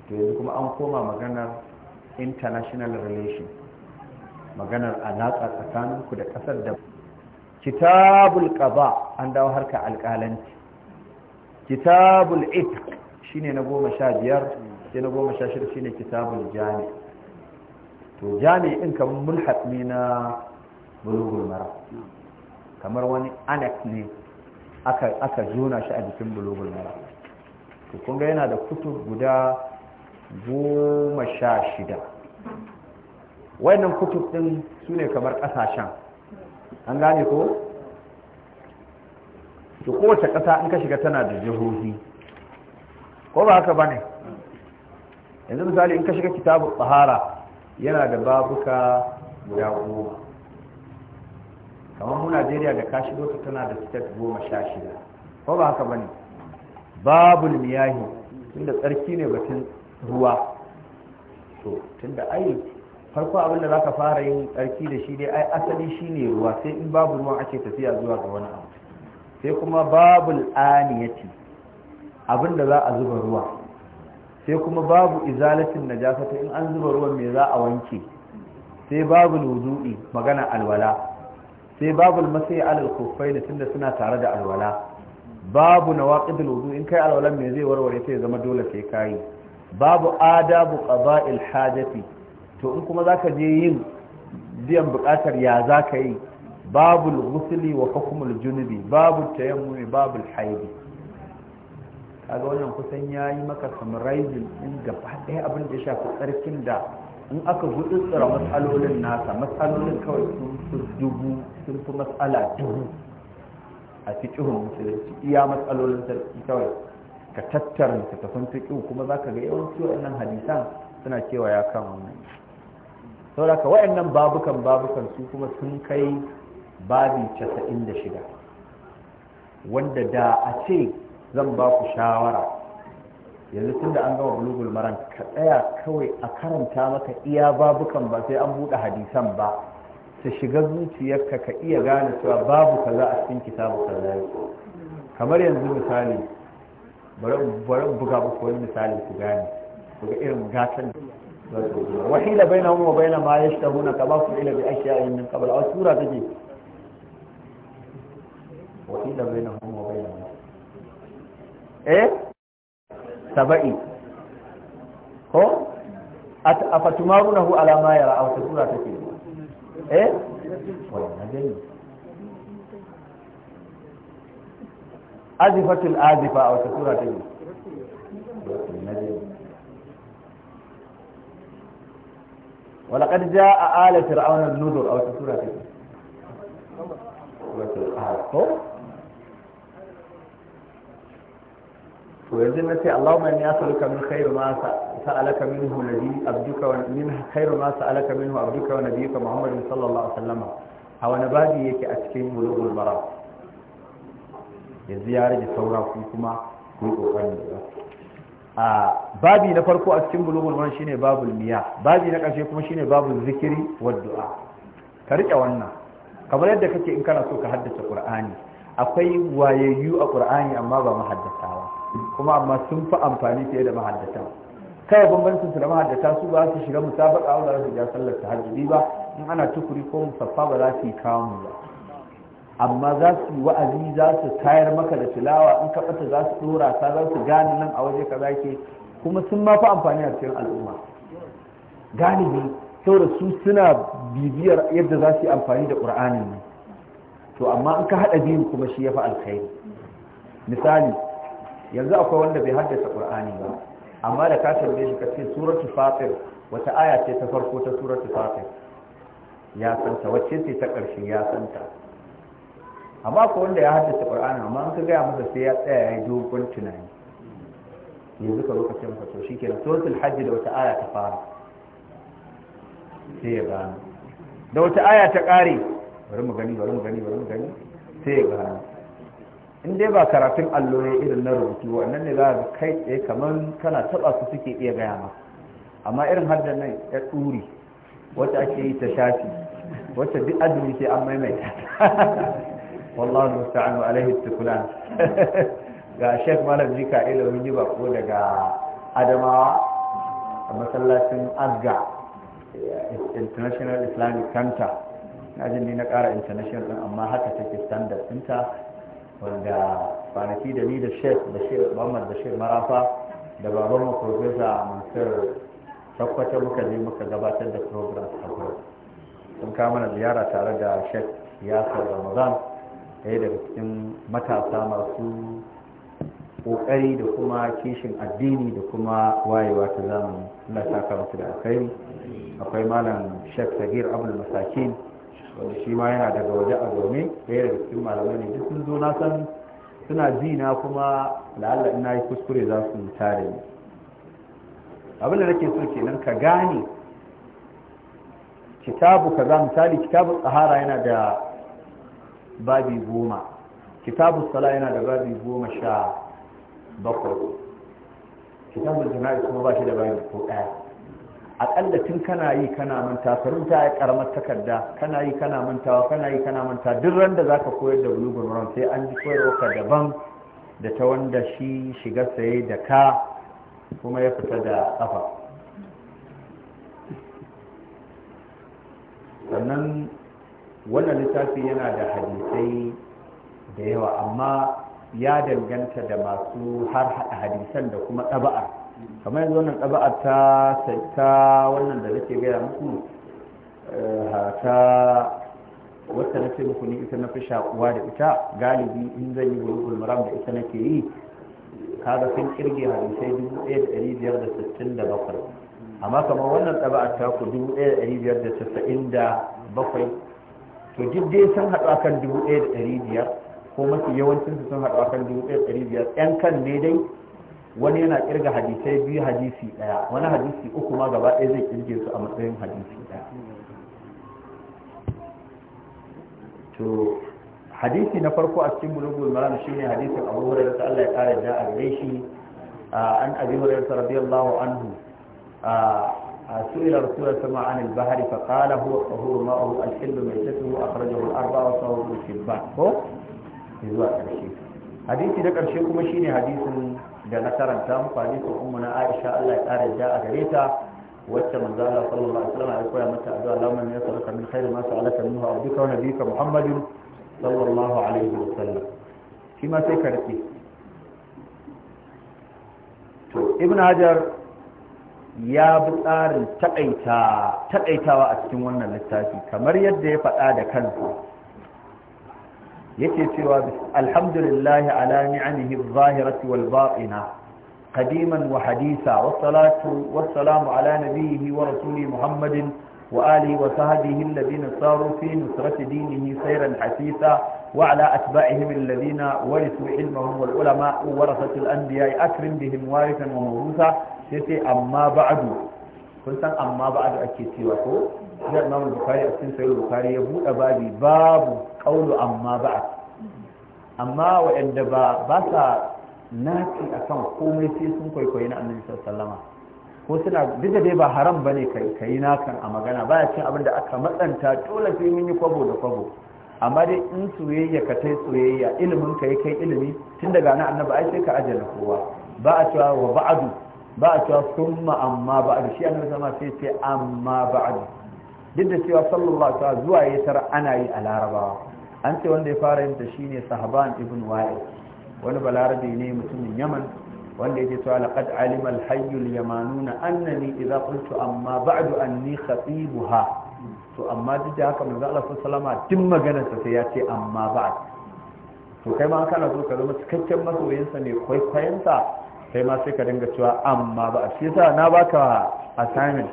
to yanzu kuma an koma maganar international relation maganar alaƙa tsakaninku da ƙasar da kitabul ƙaba an dawo harka alƙalanci kitabul it shine na goma sha biyar sai na goma sha shida shine kitabul jami to jami in kamar mulhat ne na bulugul mara kamar wani anex ne aka aka shi a jikin bulogul mara to kunga yana da kutub guda goma sha shida wayannan kutub din su ne kamar kasashen an gane ko to kowace ƙasa in ka shiga tana da jihohi ko ba haka ba ne yanzu misali in ka shiga kitabu tsahara yana da babuka guda goma kamar mu najeriya da ka shigo tana da step goma sha shida ko ba haka bane babul miyahi tunda tsarki ne batun ruwa to tunda ai farko abin da zaka fara yin tsarki da shi dai ai asali shine ruwa sai in babu ruwan ake tafiya zuwa ga wani abu sai kuma babul aniyati abin da za a zuba ruwa sai kuma babu izalatin najasa in an zuba ruwan me za a wanke sai babu wudu'i magana alwala sai babu masai alal da tunda suna tare da alwala babu da wudu in kai alwala me zai warware sai zama dole sai kai babu adabu qada'il hajati to in kuma zaka je yin biyan bukatar ya zaka yi babu al wa hukmul junubi babu tayammumi babu al Ta kaga wannan kusan yayi maka summarizing din gaba ɗaya abin da ya shafi tsarkin da in aka gudu tsira matsalolin nasa matsalolin kawai sun fi dubu sun fi matsala dubu a cikin musulunci iya matsalolin sarki kawai ka tattara littattafan fiƙi kuma za ka ga yawanci waɗannan hadisan suna cewa ya kan wannan da ka waɗannan babukan babukan su kuma sun kai babi casa'in da shida wanda da a ce zan ba ku shawara yanzu tun da an gama bulugul maran ka tsaya kawai a karanta maka iya babukan ba sai an buɗe hadisan ba su shiga zuciyarka ka iya gane cewa babu kaza a cikin kitabu kaza kamar yanzu misali bari buga muku wani misali ku gane ku ga irin gatan wahila bainahum wa baina ma yashtahuna kama ku ila bi ashya'in min qabl aw sura take wahila bainahum wa baina eh saba'i ko afatumarunahu ala ma yara aw sura take eh wannan gani azifatul azifa aw sura take ولقد جاء آل فرعون النذر أو سورة كده سورة take. to yanzu na ce Allahumma ya as'aluka min khairu ma sa'alaka minhu nabi abduka wa min khairu ma sa'alaka minhu abduka wa nabiyuka Muhammadin sallallahu alaihi wasallam a wani babi yake a cikin bulughul mara yanzu ya rage saura ku kuma ku yi kokarin da a babi na farko a cikin bulughul mara shine babul miya babi na ƙarshe kuma shine babul zikiri wa du'a ka rike wannan kamar yadda kake in kana so ka haddace qur'ani akwai wayayyu a qur'ani amma ba muhaddatawa kuma amma sun fi amfani fiye da mahaddata kawai bambancin su da mahaddata su ba su shiga musabaka ba za su ja sallar hajji ba in ana tukuri ko musaffa ba za su yi kamu ba amma za su yi wa'azi za su tayar maka da tilawa in ka bata za su dora ta za su gane nan a waje kaza ke kuma sun ma fi amfani a cikin al'umma galibi saboda su suna bibiyar yadda za su yi amfani da ƙur'anin ne to amma in ka haɗa biyu kuma shi ya fi alkhairi misali yanzu akwai wanda bai haddasa qur'ani ba amma da ka tambaye shi ka ce suratul fatir wata aya ce ta farko ta suratul fatir ya santa wacce ce ta ƙarshe ya santa amma ko wanda ya haddasa qur'ani amma an ka gaya masa sai ya tsaya ya yi dogon tunani yanzu ka lokacin masa to shikenan suratul hajj da wata aya ta fara sai ya gano da wata aya ta ƙare bari mu gani bari mu gani bari mu gani sai ya gano in dai ba karatun allo irin na rubutu wannan ne za ka kai tsaye kamar kana taba su suke iya gaya ma amma irin haddan nan ya tsuri wata ake yi ta shafi wata duk azumi sai an maimaita wallahu musta'anu alaihi tukulan ga Sheikh Malam Jika Ilawi ba ko daga Adamawa a masallacin Azga eh, International Islamic Center na jini na kara international din amma haka take standard ɗinta wanda kwanaki da ni da shek bashir muhammad da bashir marafa da baban mu profesa mansur tabbata muka je muka gabatar da program a gurin sun kama na ziyara tare da shek yasar ramadan ɗaya daga cikin matasa masu ƙoƙari da kuma kishin addini da kuma wayewa ta zamani Allah ta musu da akwai malam shek sagir abul masakin wanda shi ma yana daga waje a zaune ɗaya daga cikin malamai ne duk sun zo na san suna ji na kuma la'alla ina yi kuskure za su tare ni abin da nake so kenan ka gane kitabu za misali kitabu tsahara yana da babi goma kitabu sala yana da babi goma sha bakwai kitabu jana'i kuma ba shi da babi ko ɗaya akalla tun kana yi kana manta ta ya karamar takarda kana yi kana mantawa kana yi kana manta duk randa da zaka koyar da bulugun ran sai an ji koyarwa daban da ta wanda shi shiga saye da ka kuma ya fita da ƙafa. sannan wannan littafi yana da hadisai da yawa amma ya danganta da masu har hadisan da kuma ɗaba'ar kamar yanzu wannan ɗaba'a ta saita wannan da nake gaya muku eh, ta wata na ce muku ni ita na fi shakuwa da ita galibi in zan yi wani maram da ita nake yi kaga sun kirge hadisai dubu ɗaya da ɗari biyar da sittin da bakwai amma kamar wannan ɗaba'a ta ku dubu ɗaya da ɗari biyar da sittin da bakwai to duk dai sun haɗu akan dubu ɗaya da ɗari biyar ko mafi yawancinsu sun haɗu akan dubu ɗaya da ɗari biyar ƴan kan ne dai wani yana kirga hadisai biyu hadisi daya wani hadisi uku ma gaba ɗaya zai kirge su a matsayin hadisi daya to hadisi na farko a cikin bulugul maram shine hadisin Abu Hurairah Allah ya kare da gare shi an Abi Hurairah radiyallahu anhu سئل رسول الله mai عن البحر فقال هو الطهور ماءه الحل ميتته اخرجه الاربعه وصوره الشبان هو hadisi da ƙarshe kuma shine hadisin da na karanta muku hadisin ummu na Aisha Allah ya kare da a gare ta wacce manzo Allah sallallahu alaihi wasallam ya koya mata addu'a Allahumma inni as'aluka min khairi ma sa'alaka minhu abduka wa nabiyyuka Muhammadin sallallahu alaihi wasallam shi ma sai karfi to ibn hajar ya bi tsarin taƙaitawa a cikin wannan littafi kamar yadda ya faɗa da kansa yake cewa alhamdulillahi ala ni'amihi adh-dhahirati wal-batina wa hadisa was-salatu was-salamu ala nabiyyihi wa rasulihi Muhammadin wa alihi wa sahbihi alladhina saru fi nusrati dinihi sayran hasisa wa ala atba'ihim alladhina warithu ilmahum wal ulama warathatu al-anbiya'i akrim bihim warithan wa mawrusa sai amma ba'du kun san amma ba'du ake cewa ko Imam Bukhari a cikin Sahih Bukhari ya buɗe babi babu alƙaulu amma ba amma waɗanda ba ba sa naci akan komai sai sun kwaikwayi na annabi sallama ko suna duk da dai ba haram bane kai kai nakan a magana Ba ya cin abin da aka matsanta dole sai mun yi kwabo da kwabo amma dai in soyayya ka tai soyayya ilimin ka kai ilimi tun daga na annabi ai sai ka ajala kowa ba a cewa wa ba'adu ba a cewa summa amma ba'adu shi annabi sama sai sai amma ba'adu duk da cewa sallallahu alaihi wasallam zuwa ya ana yi a larabawa an ce wanda ya fara yin shi ne sahaban ibn wa'il wani balarabe ne mutumin yaman wanda ya ce laqad alima al-hayyul yamanuna annani idza qultu amma ba'du anni khatibuha to amma duk da haka manzo Allah sallama duk maganarsa sai ya ce amma ba'd to kai ma kana zo ka zama cikakken masoyinsa ne sa? Kai ma sai ka dinga cewa amma ba shi yasa na baka assignment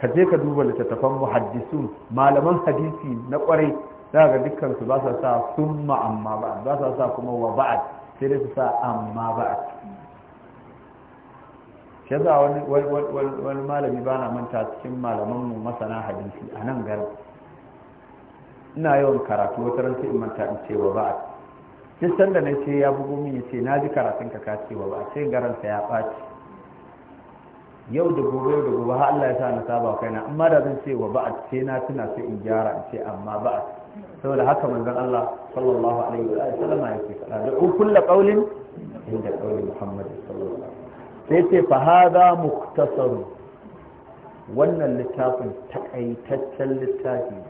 ka je ka duba littattafan muhaddisun malaman hadisi na kwarai za ga dukkan su ba sa sa summa amma ba ba sa sa kuma wa ba'ad, sai dai su sa amma ba shi yasa wani wani malami ba na manta cikin malaman mu masana hadisi a nan garin ina yawan karatu wata ran sai in manta in ce wa ba'ad. Sai sanda na ce ya bugo min ya ce na ji karatun ka ce wa ba'ad, sai garanta ya ɓaci yau da gobe yau da gobe har Allah ya sa na saba kaina amma da zan ce wa ba'ad, sai na tuna sai in gyara in ce amma ba'ad. سولا هكا من ذن الله صلى الله عليه وسلم دعو كل قول عند قول محمد صلى الله عليه وسلم فهذا مختصر وانا اللتاف تأي تتل لتاكي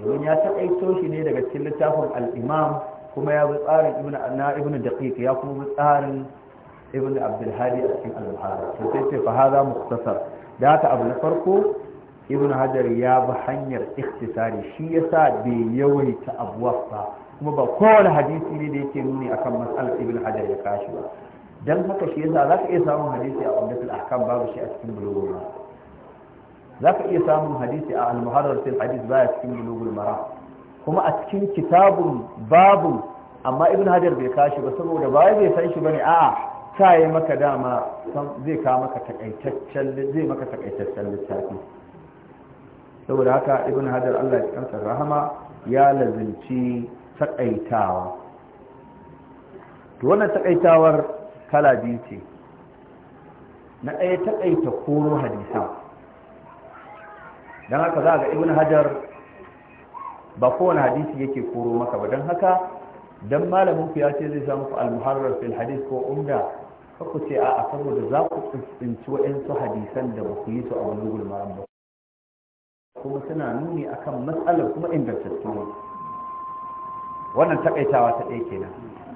يقول يا تأي توشي نيدا قتل لتاف الإمام كما يا بطار ابن أنا ابن دقيق يا كما بطار ابن عبد الهادي أسكين الحارة فهذا مختصر ذات أبو الفرقو ibn hajar ya bi hanyar ikhtisari shi yasa bai yawaita abuwaf ba kuma ba kowane hadisi ne da yake nuni akan mas'alar ibn hajar ya kashi ba dan haka shi yasa ka iya samun hadisi a umdatul ahkam babu shi a cikin bulugul ka iya samun hadisi a al-muharrar hadisi ba baya cikin bulugul mara kuma a cikin kitabun babu amma ibn hajar bai kashi ba saboda ba bai san shi bane a'a ta yi maka dama zai maka takaitaccen zai maka takaitaccen littafi saboda haka ibn hajar allah ya kansa rahama ya lazimci takaitawa to wannan takaitawar kala biyu ce na ɗaya takaita koro hadisan don haka za ga ibn hajar ba kowane hadisi yake koro maka ba don haka don malamin ku ya ce zai samu ku almuharrar fil hadis ko umda ka ku ce a saboda za ku tsinci waɗansu hadisan da ba ku yi su a wani gulmaran ba kuma suna nuni akan matsalar kuma ingantattu ne wannan takaitawa ta ɗaya kenan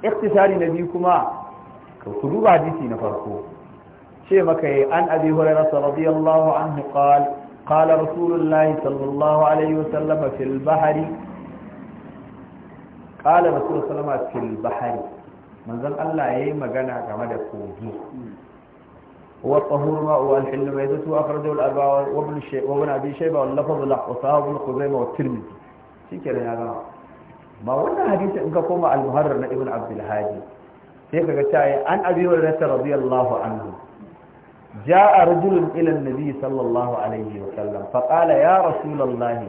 iktisari na biyu kuma ku duba hadisi na farko ce maka yi an abi hurairah radiyallahu anhu qala qala rasulullahi sallallahu alaihi wasallam fil bahri qala rasulullahi sallallahu alaihi wa wasallam fil bahri manzon Allah yayi magana game da kogi والطهور ماء والحل ميتة أخرجه الأربعة وابن, الشي... وابن أبي شيبة واللفظ له وصحاب الخزيمة والترمذي شكرا يا جماعة ما وانا حديث إنك كما المهرر ابن عبد الهادي هيك قتاي عن أبي هريرة رضي الله عنه جاء رجل إلى النبي صلى الله عليه وسلم فقال يا رسول الله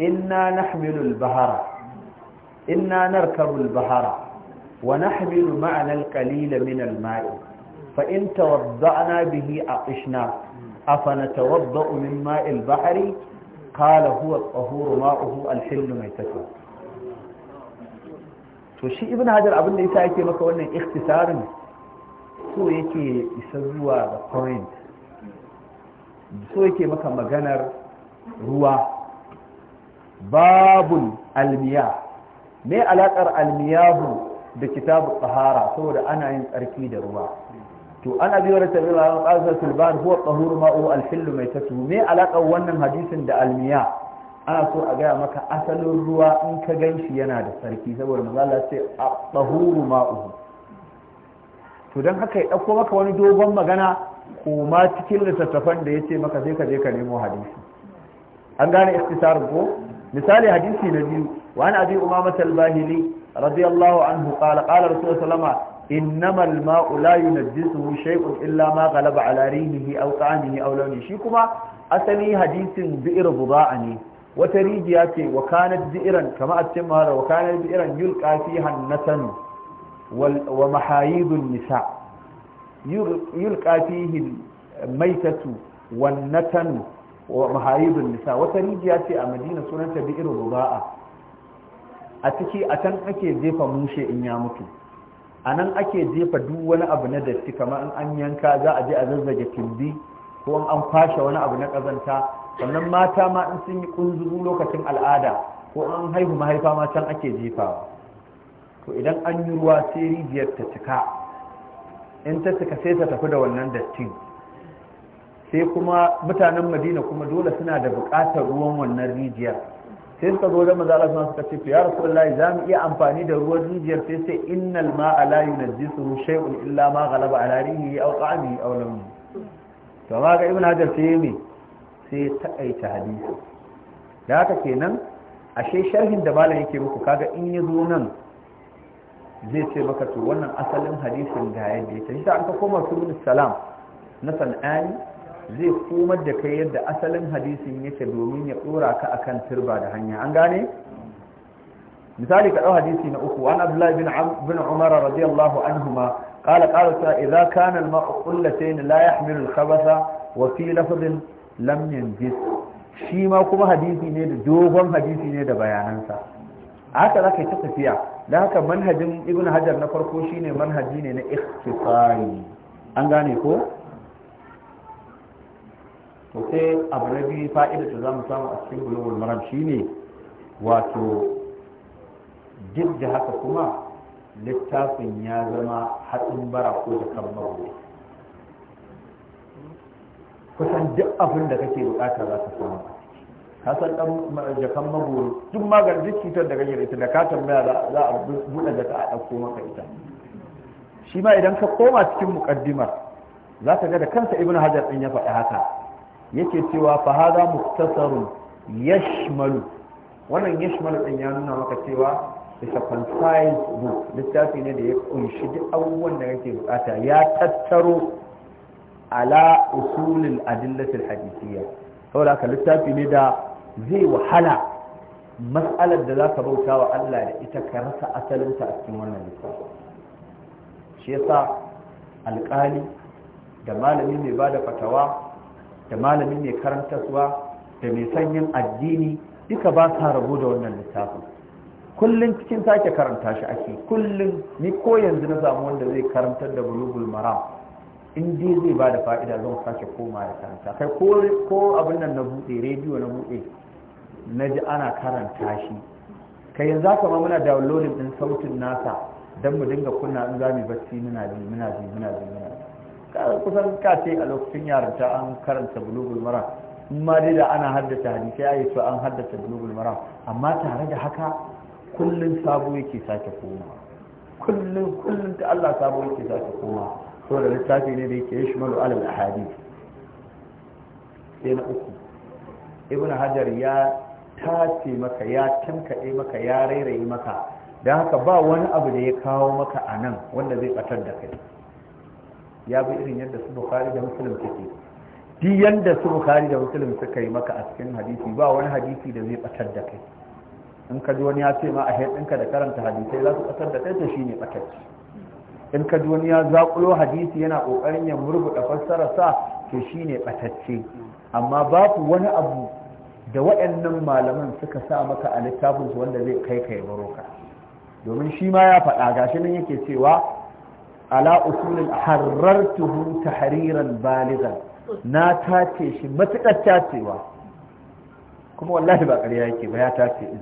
إنا نحمل البحر إنا نركب البحر ونحمل معنا القليل من الماء fa in tawadda'na bihi aqishna afana tawadda'u min ma'il bahri qala huwa at-tahuru to shi ibn hajar abin da yasa yake maka wannan ikhtisarin so yake isa zuwa the point so yake maka maganar ruwa babun almiya me alakar almiyahu da kitabu tsahara saboda ana yin tsarki da ruwa to an abi wa rasul Allah qasa sulban huwa tahur ma'u al mai tatu me alaka wannan hadisin da almiya ana so a gaya maka asalin ruwa in ka ganshi yana da sarki saboda manzo Allah ce tahur ma'u to dan haka ya dauko maka wani dogon magana ko ma cikin littattafan da yace maka sai ka je ka nemo hadisi an gane istisar ko misali hadisi na biyu wa an abi umama al-bahili radiyallahu anhu qala qala rasulullahi sallallahu innamal ma'u la yunajjisuhu shay'un illa ma ghalaba ala rihihi aw ta'amihi aw lawnihi shi kuma asali hadisin bi'r buda'a ne wata rijiya ce wa kanat bi'ran kama a cikin mahara wa kanat bi'ran yulqa fiha an-nasan wa mahayidun nisa yulqa fihi maitatu wan natan wa mahayidun nisa wata rijiya ce a Madina sunanta bi'r buda'a a ciki a can ake jefa mushe in ya mutu a nan ake jefa duk wani abu na datti kamar in an yanka za a je a zazzage tumbi ko an kwashe wani abu na kazanta, sannan mata ma in sun yi kunzugu lokacin al'ada ko an haihu mahaifa ma can ake jefawa to idan an yi ruwa sai rijiyar ta cika in ta cika sai ta tafi da wannan dattin sai kuma mutanen madina kuma dole suna da buƙatar ruwan wannan rijiyar sai suka zo wajen manzala sun suka ce ya Allah za mu iya amfani da ruwan rijiyar sai sai innal ma ala yunajjisuhu shay'un illa ma ghalaba ala rihi aw ta'ami aw lam to ma ga ibn hajar sai me sai ta aita hadisi da haka kenan ashe sharhin da malam yake muku kaga in ya zo nan zai ce maka to wannan asalin hadisin ga yadda ya tafi sai an ka koma sunan salam na sanani zai komar da kai yadda asalin hadisin yake domin ya tsora ka akan turba da hanya an gane misali ka dau hadisi na uku an abdullahi bin bin umar radiyallahu anhuma qala qala sa idza kana al-ma'u qullatayn la yahmilu al-khabatha wa fi lafdhin lam yanjis shi ma kuma hadisi ne da dogon hadisi ne da bayanansa haka zaka ta tafiya da haka manhajin ibnu hajar na farko shine manhaji ne na ikhtisari an gane ko to sai abu na biyu fa'ida da za mu samu a cikin bulugul maram ne wato duk da haka kuma littafin ya zama hatsin bara ko da kan kusan duk abin da kake bukata za ka samu ka san dan jakan magoro duk maganin duk cutar da kake da ita da ka tambaya za a buɗe da a ɗauko maka ita shi ma idan ka koma cikin muƙaddimar za ka ga da kansa ibn hajar ɗin ya faɗi haka yake cewa fa hada muktasarun yashmalu wannan yashmalu din ya nuna maka cewa is a concise book littafi ne da ya kunshi duk abubuwan da kake bukata ya tattaro ala usulil adillatil hadisiyya saboda haka littafi ne da zai wahala mas'alar da ka bauta wa Allah da ita ka rasa asalinta a cikin wannan littafi shi yasa alƙali da malami mai bada fatawa da malamin mai karantarwa da mai sanyin addini duka ba sa rabu da wannan littafin kullum cikin sake karanta shi ake kullum ni ko yanzu na samu wanda zai karantar da bulugul maram in dai zai ba da fa'ida zan sake koma da karanta kai ko abin nan na buɗe rediyo na buɗe na ji ana karanta shi kai yanzu aka ma muna downloading din sautin nasa don mu dinga kunna in za mu bacci muna ji muna ji muna ji muna kusan kace a lokacin yarinta an karanta bulugul mara ma dai da ana haddace hadisi ya to an haddace bulugul mara amma tare da haka kullun sabo yake sake koma kullun kullun ta Allah sabo yake sake koma to da littafi ne da yake malu alal ahadith sai na uku ibn hajar ya tace maka ya tankaɗe maka ya rairayi maka don haka ba wani abu da ya kawo maka anan wanda zai ɓatar da kai ya bi irin yadda su bukhari da muslim suke duk yadda su bukhari da muslim suka yi maka a cikin hadisi ba wani hadisi da zai batar da kai in ka ji wani ya ce ma a ɗinka da karanta hadisai za su batar da kai to shine batacci in ka ji wani ya zaƙulo hadisi yana ƙoƙarin ya murbuɗa fassara sa to shine batacce amma babu wani abu da waɗannan malaman suka sa maka a littafinsu wanda zai kai kai baro ka domin shi ma ya faɗa gashi nan yake cewa ala usulin harartuhu tahriran baligan na tace shi matuƙar tacewa kuma wallahi ba ƙarya yake ba ya tace in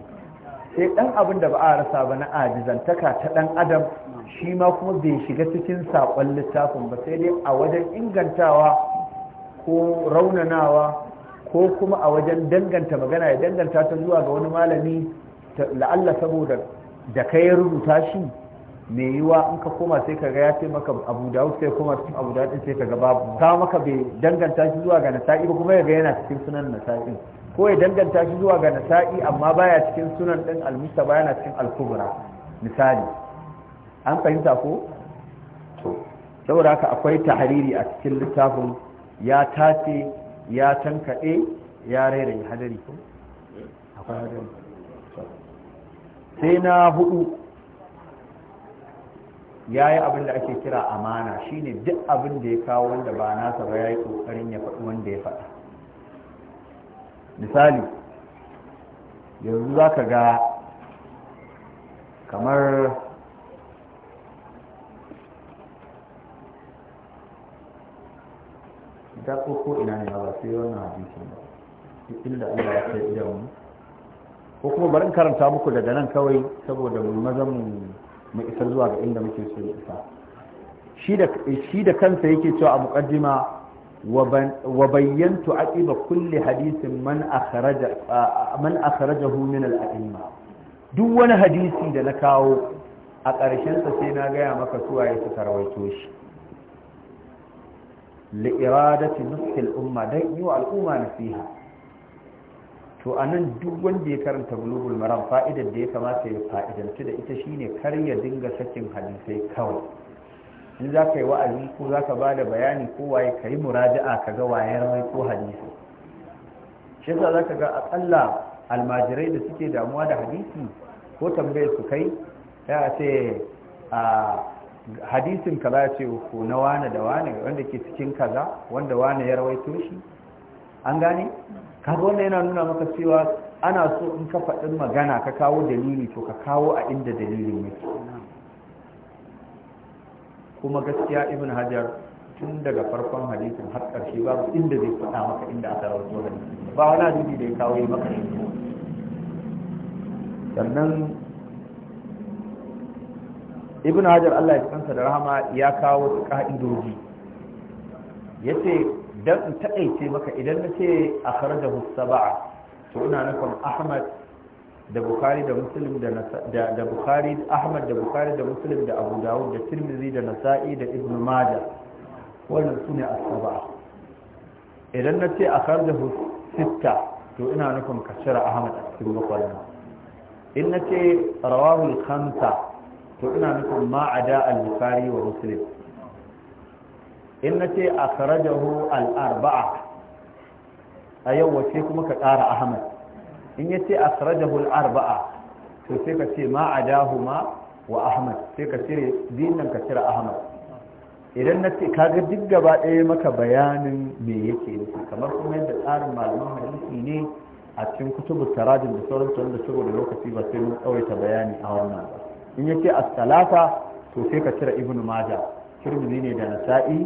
sai ɗan abin da ba a rasa ba na ajizantaka ta ɗan adam shi ma kuma bai shiga cikin saƙon littafin ba sai dai a wajen ingantawa ko raunanawa ko kuma a wajen danganta magana ya danganta ta zuwa ga wani malami la'alla saboda da kai rubuta shi mai yiwa in ka koma sai ka ga ya ce maka abu da sai koma cikin abu da din sai ka ga babu ta maka bai danganta shi zuwa ga nasa'i ba kuma ya ga yana cikin sunan nasa'i ko ya danganta shi zuwa ga nasa'i amma baya cikin sunan din almusta ba yana cikin al misali an fahimta ko to saboda haka akwai tahariri a cikin littafin ya tace ya tankade ya rairaye hadari ko akwai hadari sai na hudu ya yi abin da ake kira amana shine duk abin da ya kawo wanda ba nasa ba ya yi ƙoƙarin ya faɗi wanda ya faɗa misali yanzu za ka ga kamar ta ko ina ne ba sai wannan hadisi ba inda Allah ya kai ko kuma bari karanta muku daga nan kawai saboda mu mu isa zuwa ga inda muke so isa shi da kansa yake cewa a mukaddima wa bayyantu aqiba kulli hadisin man akhraja man akhrajahu min al-a'imma duk wani hadisi da na kawo a ƙarshen sa sai na gaya maka suwaye suka tarwaito shi li iradati nusul umma dai yi wa al'umma nasiha to a nan duk wanda ya karanta bulubul maram fa'idar da ya kamata ya fa'idanci da ita shine kar ya dinga sakin hadisai kawai in za ka yi wa'azi ko za ka ba da bayani ko waye ka yi muraja'a ka ga wayar mai ko hadisi shi yasa za ka ga aƙalla almajirai da suke damuwa da hadisi ko tambayar su kai ya ce a hadisin za a ce ko na wane da wane wanda ke cikin kaza wanda wane ya rawaito shi an gane kaga wannan yana nuna maka cewa ana so in ka faɗin magana ka kawo dalili to ka kawo a inda dalilin yake kuma gaskiya ibn hajar tun daga farkon hadisin har ƙarshe babu inda zai faɗa maka inda aka rawaito da ba wani hadisi da ya kawo yi maka shi sannan ibn hajar Allah ya kansa da rahama ya kawo wasu yace dan in taƙaice maka idan na ce a kharaja musaba'a to ina nufin ahmad da bukari da muslim da da ahmad da bukhari da muslim da abu dawud da tirmidhi da nasa'i da ibn majah wannan sune as-sab'a idan na ce a kharaja sitta to ina nufin kashira ahmad a cikin makwalama in na ce rawahul khamsa to ina nufin ma'ada al-bukhari wa muslim in na ce a karajahu al'arba'a a yau wace kuma ka ƙara ahmad in ya ce a karajahu al'arba'a to sai ka ce ma a dahuma wa ahmad sai ka cire nan ka cire ahmad idan na ce kaga duk gaba ɗaya maka bayanin me yake nufi kamar kuma yadda tsarin malaman hadisi ne a cikin kutubu tarajin da sauran tun da saboda lokaci ba sai mun tsawaita bayani a wannan ba in yace as-salata to sai ka cire ibnu majah tirmidhi ne da nasa'i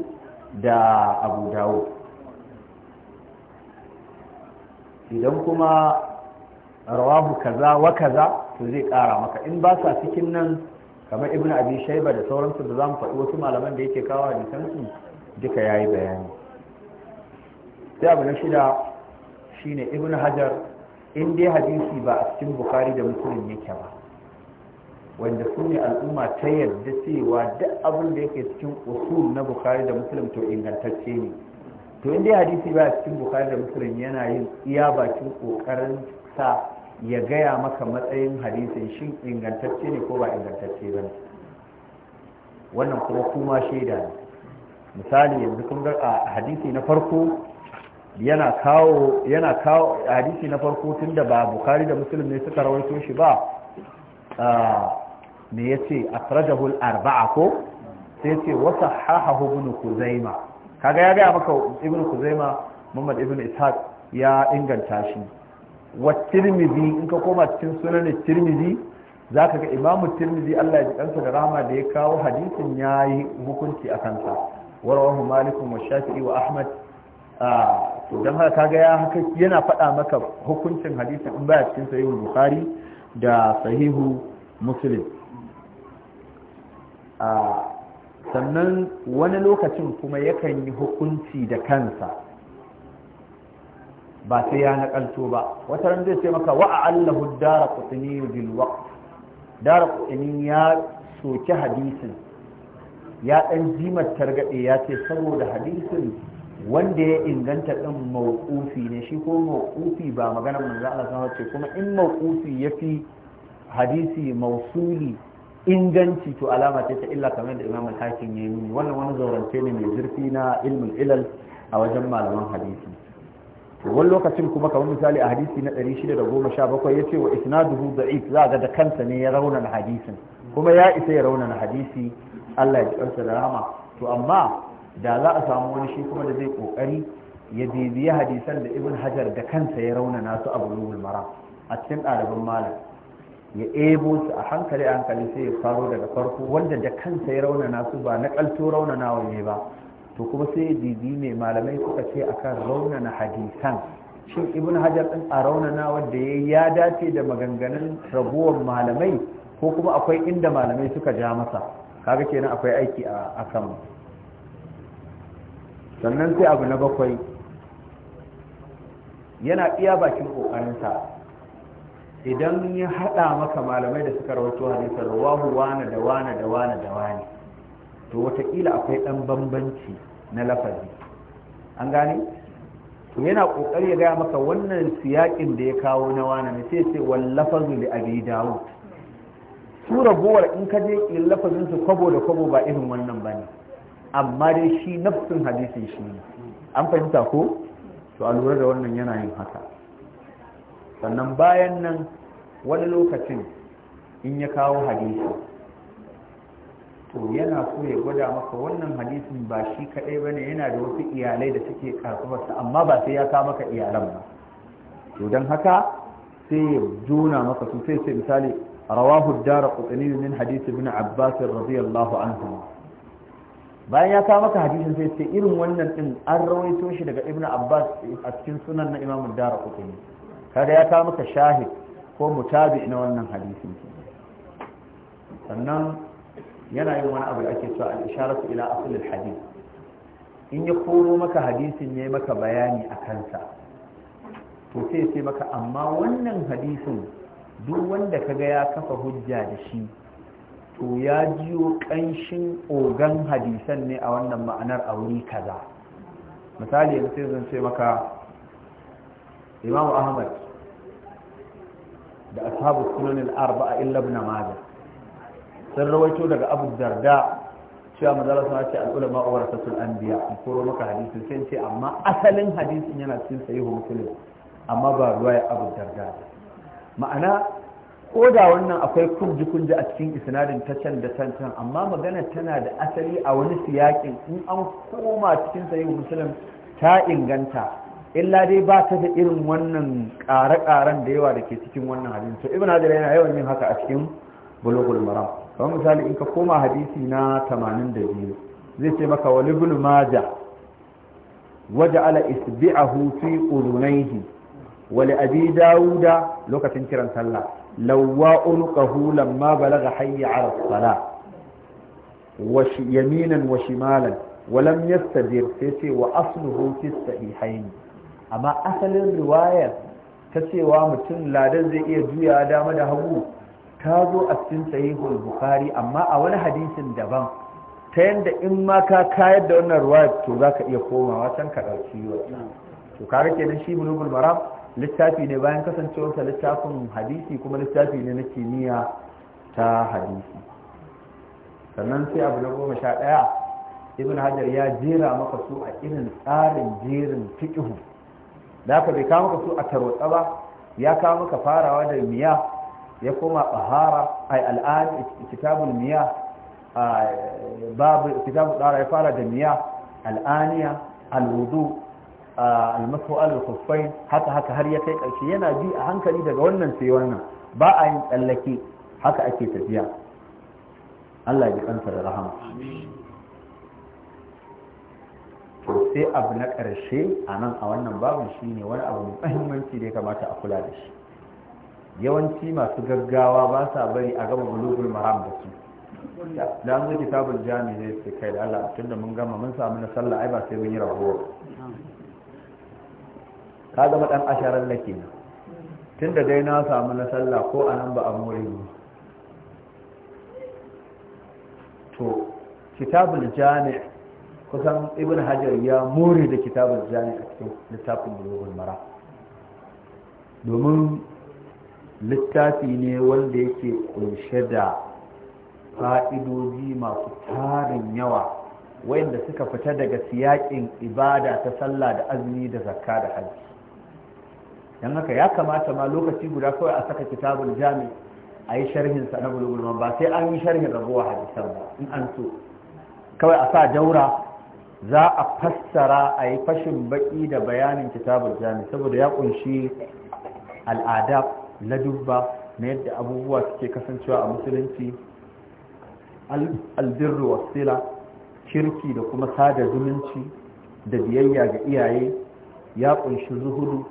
da abu dawo idan kuma rawahu kaza wa kaza to zai kara maka in ba sa cikin nan kamar ibn abi shaiba da sauransu da zamu faɗi wasu malaman da yake kawo hadisansu duka yayi bayani sai abu na shida shine ibn hajar in dai hadisi ba a cikin bukhari da muslim yake ba wanda su ne al'umma ta yarda cewa duk abin da yake cikin usul na bukari da musulun to ingantacce ne to inda hadisi ba cikin bukari da musulun yana yin iya bakin kokarin sa ya gaya maka matsayin hadisin shin ingantacce ne ko ba ingantacce ba ne wannan kuma kuma shaida ne misali yanzu kun ga a hadisi na farko yana kawo yana kawo hadisi na farko tunda ba bukari da musulun ne suka rawaito shi ba ah, me ya ce al-arba'a ko sai yace wa sahahahu ibn kuzaima kaga ya gaya maka ibn kuzaima Muhammad ibn Ishaq ya inganta shi wa tirmidhi in ka koma cikin sunan tirmidhi zaka ga imamu tirmidhi Allah ya ji kansa da rahama da ya kawo hadisin yayi hukunci a kansa warawahu malikun wa shafi'i wa ahmad ah, don haka kaga ya haka yana faɗa maka hukuncin hadisin in baya cikin sahihul bukhari da sahihu muslim a sannan wani lokacin kuma yakan yi hukunci da kansa ba sai ya nakalto ba wata ran zai ce maka wa allahu dara bil waqt dara ya soki hadisin ya dan jimar targade ya ce saboda hadisin wanda ya inganta ɗin mawqufi ne shi ko mawqufi ba maganar manzo Allah sallallahu alaihi kuma in mawqufi yafi hadisi mausuli inganci to alama ce ta illa kamar da imam al-hakim ya nuni wannan wani zaurance ne mai zurfi na ilmul ilal a wajen malaman hadisi to wani lokacin kuma kamar misali a hadisi na 617 yace wa isnaduhu da'if za ga da kansa ne ya raunan hadisin kuma ya isa ya raunan hadisi Allah ya ji kansa da rahama to amma da za a samu wani shi kuma da zai kokari ya bibiya hadisan da ibn hajar da kansa ya raunana su a bulugul Mara a cikin ɗaliban malam ya ebo su a hankali a hankali sai ya faro daga farko wanda da kansa ya raunana su ba na kalto raunanawa ne ba to kuma sai ya bibi mai malamai suka ce akan raunana hadisan shin ibn hajar din a raunana wanda ya ya dace da maganganun raguwar malamai ko kuma akwai inda malamai suka ja masa kaga kenan akwai aiki a kan sannan sai abu na bakwai yana iya bakin kokarinsa idan ya haɗa maka malamai da suka rawaito hadisin rawahu wane da wani. da da wani to wataƙila akwai ɗan bambanci na lafazi an gane to yana ƙoƙari ya gaya maka wannan siyaƙin da ya kawo na wani ne sai sai wallafazu da abi daud su ragowar in ka je in lafazin su kwabo da kwabo ba irin wannan bane amma dai shi nafsin hadisin shi ne an fahimta ko to a lura da wannan yana yin haka sannan bayan nan wani lokacin in ya kawo hadisi to yana so ya gwada maka wannan hadisin ba shi kaɗai ba ne yana da wasu iyalai da suke kasuwarsa amma ba sai ya kawo maka iyalan ba to don haka sai ya juna maka su sai sai misali rawahu dara kutsani min hadisi bin abbas radiyallahu anhu bayan ya kawo maka hadisin sai sai irin wannan din an rawaito shi daga ibnu abbas a cikin sunan na imamu dara kutsani kaga ya kawo maka shahid ko mutabi na wannan hadisin sannan yana yin wani abu da ake cewa al-isharatu ila asl al-hadith in ya koro maka hadisin ne maka bayani a kansa to sai sai maka amma wannan hadisin duk wanda kaga ya kafa hujja da shi to ya jiyo kanshin ogan hadisan ne a wannan ma'anar a wuri kaza misali yanzu sai zan ce maka imamu ahmad da ashabu sunan al-arba'a illa ibn sun rawaito daga abu darda cewa manzala sun ce al'ulama wa rasatul anbiya koro maka hadisin sai ce amma asalin hadisin yana cikin sahihu muslim amma ba ruwaya abu darda ma'ana ko da wannan akwai kunji kunji a cikin isnadin ta can da can can amma magana tana da asali a wani siyakin in an koma cikin sahihu muslim ta inganta illa dai ba ta da irin wannan ƙare-ƙaren da yawa da ke cikin wannan hadisi to ibn hajar yana yawan yin haka a cikin bulugul maram kamar misali in ka koma hadisi na 82 zai ce maka wani ibn majah waje ala isbi'ahu fi qulunayhi wa li abi dauda lokacin kiran sallah lawwa'un qahu lamma balagha hayya ala salah wa yaminan wa shimalan ولم يستدر سيتي وأصله في الصحيحين amma asalin riwayar ta cewa mutum ladan zai iya juya dama da hagu ta zo a cikin sahihul bukhari amma a wani hadisin daban ta yanda in ma ka kayar da wannan riwayar to za ka iya komawa can ka ɗauki wa to kare kenan shi bulugul maram littafi ne bayan kasancewarsa littafin hadisi kuma littafi ne na kimiyya ta hadisi sannan sai abu na goma sha ɗaya ibn hajar ya jera maka su a irin tsarin jerin tuƙihu. da haka bai kawo maka su a tarwatsa ba ya kawo maka farawa da miya ya koma bahara ai al'ani kitabul miya babu kitabul tsara ya fara da miya al'aniya alwudu almasu al-khuffai haka haka har ya kai karshe yana bi a hankali daga wannan sai wannan ba a yin tsallake haka ake tafiya Allah ya kansa da rahama amin to sai abu na ƙarshe a nan a wannan babu shi ne wani abu mai mahimmanci da ya kamata a kula da shi yawanci masu gaggawa ba sa bari a gama bulugul maram da su da an zo kitabul jami ne su kai da Allah tunda mun gama mun samu na sallah ai ba sai mun yi rahuwa ka gama dan asharar lake na tunda dai na samu na sallah ko a nan ba a more ni to kitabul jami' kusan ibn hajar ya more da kitabar jami a cikin littafin bulogun mara domin littafi ne wanda yake kunshe da fa'idoji masu tarin yawa wayanda suka fita daga siyakin ibada ta sallah da azumi da zakka da hajji don haka ya kamata ma lokaci guda kawai a saka kitabul jami a yi sharhin na ba sai an yi sharhin rabuwa hadisan ba in an so kawai a sa daura za a fassara a yi fashin baƙi da bayanin kitabul jami saboda ya kunshi al'adab dubba na yadda abubuwa suke kasancewa a musulunci albirru wasila kirki da kuma sada zumunci da biyayya ga iyaye ya ƙunshi zuhudu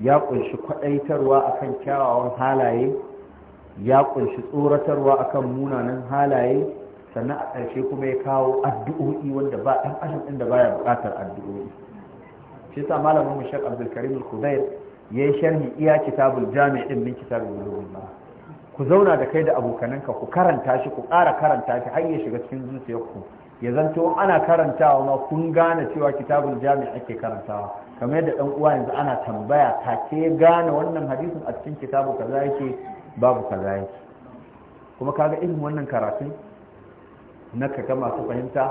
ya kunshi kwadaitarwa akan kyawawan halaye ya ƙunshi tsoratarwa akan munanan halaye sannan a ƙarshe kuma ya kawo addu'o'i wanda ba ɗan adam ɗin da baya buƙatar addu'o'i shi sa malamin mu shek abdulkarim al-kudair ya yi sharhi iya kitabul jami' ɗin min kitabul ulumullah ku zauna da kai da abokananka ku karanta shi ku ƙara karanta shi har ya shiga cikin zuciyarku ya zanto ana karantawa ma kun gane cewa kitabul jami ake karantawa kamar yadda ɗan uwa yanzu ana tambaya ke gane wannan hadisin a cikin kitabu kaza yake babu kaza yake kuma kaga irin wannan karatun na ka ga masu fahimta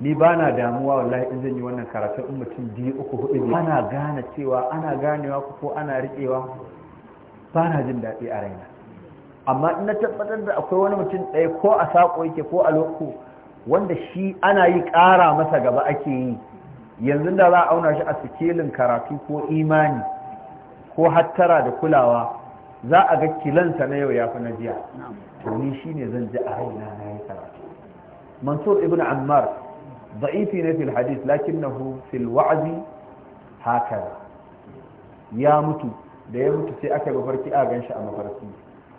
ni ba na damuwa wallahi in zan yi wannan karatu in mutum biyu uku hudu ne ana gane cewa ana ganewa ko ana riƙewa ba na jin daɗi a raina amma ina tabbatar da akwai wani mutum ɗaya ko a saƙo yake ko a loko wanda shi ana yi ƙara masa gaba ake yi yanzu da za a auna shi a sikelin karatu ko imani ko hattara da kulawa za a ga kilansa na yau ya fi na jiya to ni shi ne zan ji a raina na yi karatu mansur ibn ammar za'ifi ne fil hadith lakinnahu fil haka ya mutu da ya mutu sai aka mafarki a ganshi a mafarki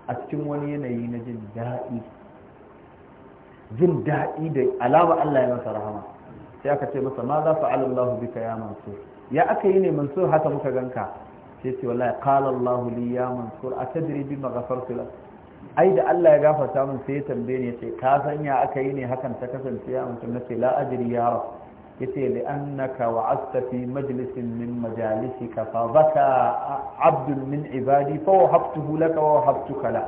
a cikin wani yanayi na jin daɗi jin daɗi da alama Allah ya masa rahama sai aka ce masa ma za bika ya mansur ya aka yi ne mansur haka muka ganka sai ce wallahi qala Allah li ya mansur atadri bima ghafartu ai da Allah ya gafarta min sai ya tambaye ni sai ka san ya aka yi ne hakan ta kasance ya mutum nace la ajri ya rab yace li annaka wa'asta fi majlisin min majalisika fa baka abdun min ibadi fa wahabtuhu laka wa wahabtuka la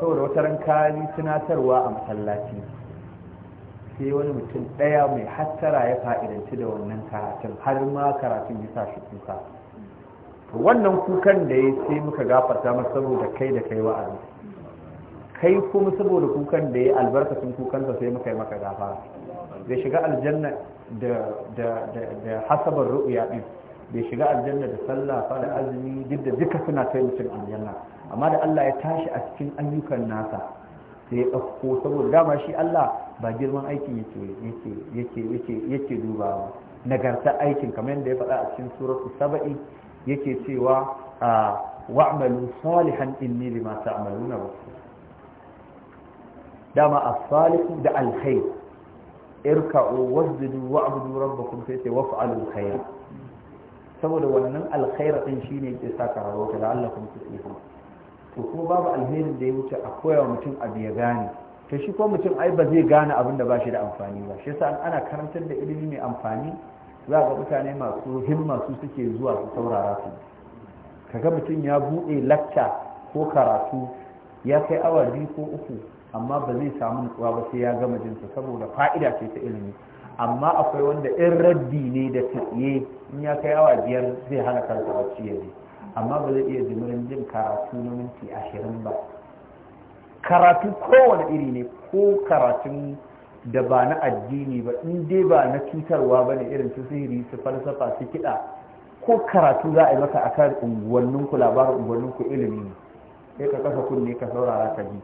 saboda wata ran kali tunatarwa a masallaci sai wani mutum daya mai hattara ya fa'idanci da wannan karatun har ma karatun ya sa shi kuka wannan kukan da ya sai muka gafarta masa saboda kai da kai wa'azi kai kuma saboda kukan da ya albarkacin kukansa sai muka yi maka gafara bai shiga aljanna da hasabar ru'ya din bai shiga aljanna da sallah fa da azumi duk duka suna kai mutum aljanna amma da Allah ya tashi a cikin ayyukan nasa sai ya ɗauko saboda dama shi Allah ba girman aikin yake yake yake yake dubawa nagarta aikin kamar yadda ya faɗa a cikin suratul saba'i yake cewa ah, wa'malu salihan inni lima ta'maluna ba. dama a salihu da al-khair irka'u wa abudu rabbakum sai sai waf'alul khair saboda wannan alkhair din shine yake sa da allah kuma la'allakum tuflihun to kuma babu alherin da ya wuce a koya wa mutum abu ya gane to shi ko mutum ai ba zai gane abin da ba shi da amfani ba shi yasa ana karantar da ilimi mai amfani za ga mutane masu himma su suke zuwa su saurara su kaga mutum ya buɗe lacca ko karatu ya kai awa biyu ko uku amma ba zai samu nutsuwa ba sai ya gama jinsa saboda fa'ida ce ta ilimi amma akwai wanda in raddi ne da tsiye in ya kai awa biyar zai hana kansa bacci ya je amma ba zai iya jimirin jin karatu na minti ashirin ba karatu kowane iri ne ko karatun da ba na addini ba in dai ba na cutarwa ba ne irin su sihiri su falsafa su kiɗa ko karatu za a yi maka akan unguwanninku labarin unguwanninku ilimi ne sai ka kasa kunne ka saurara ka ji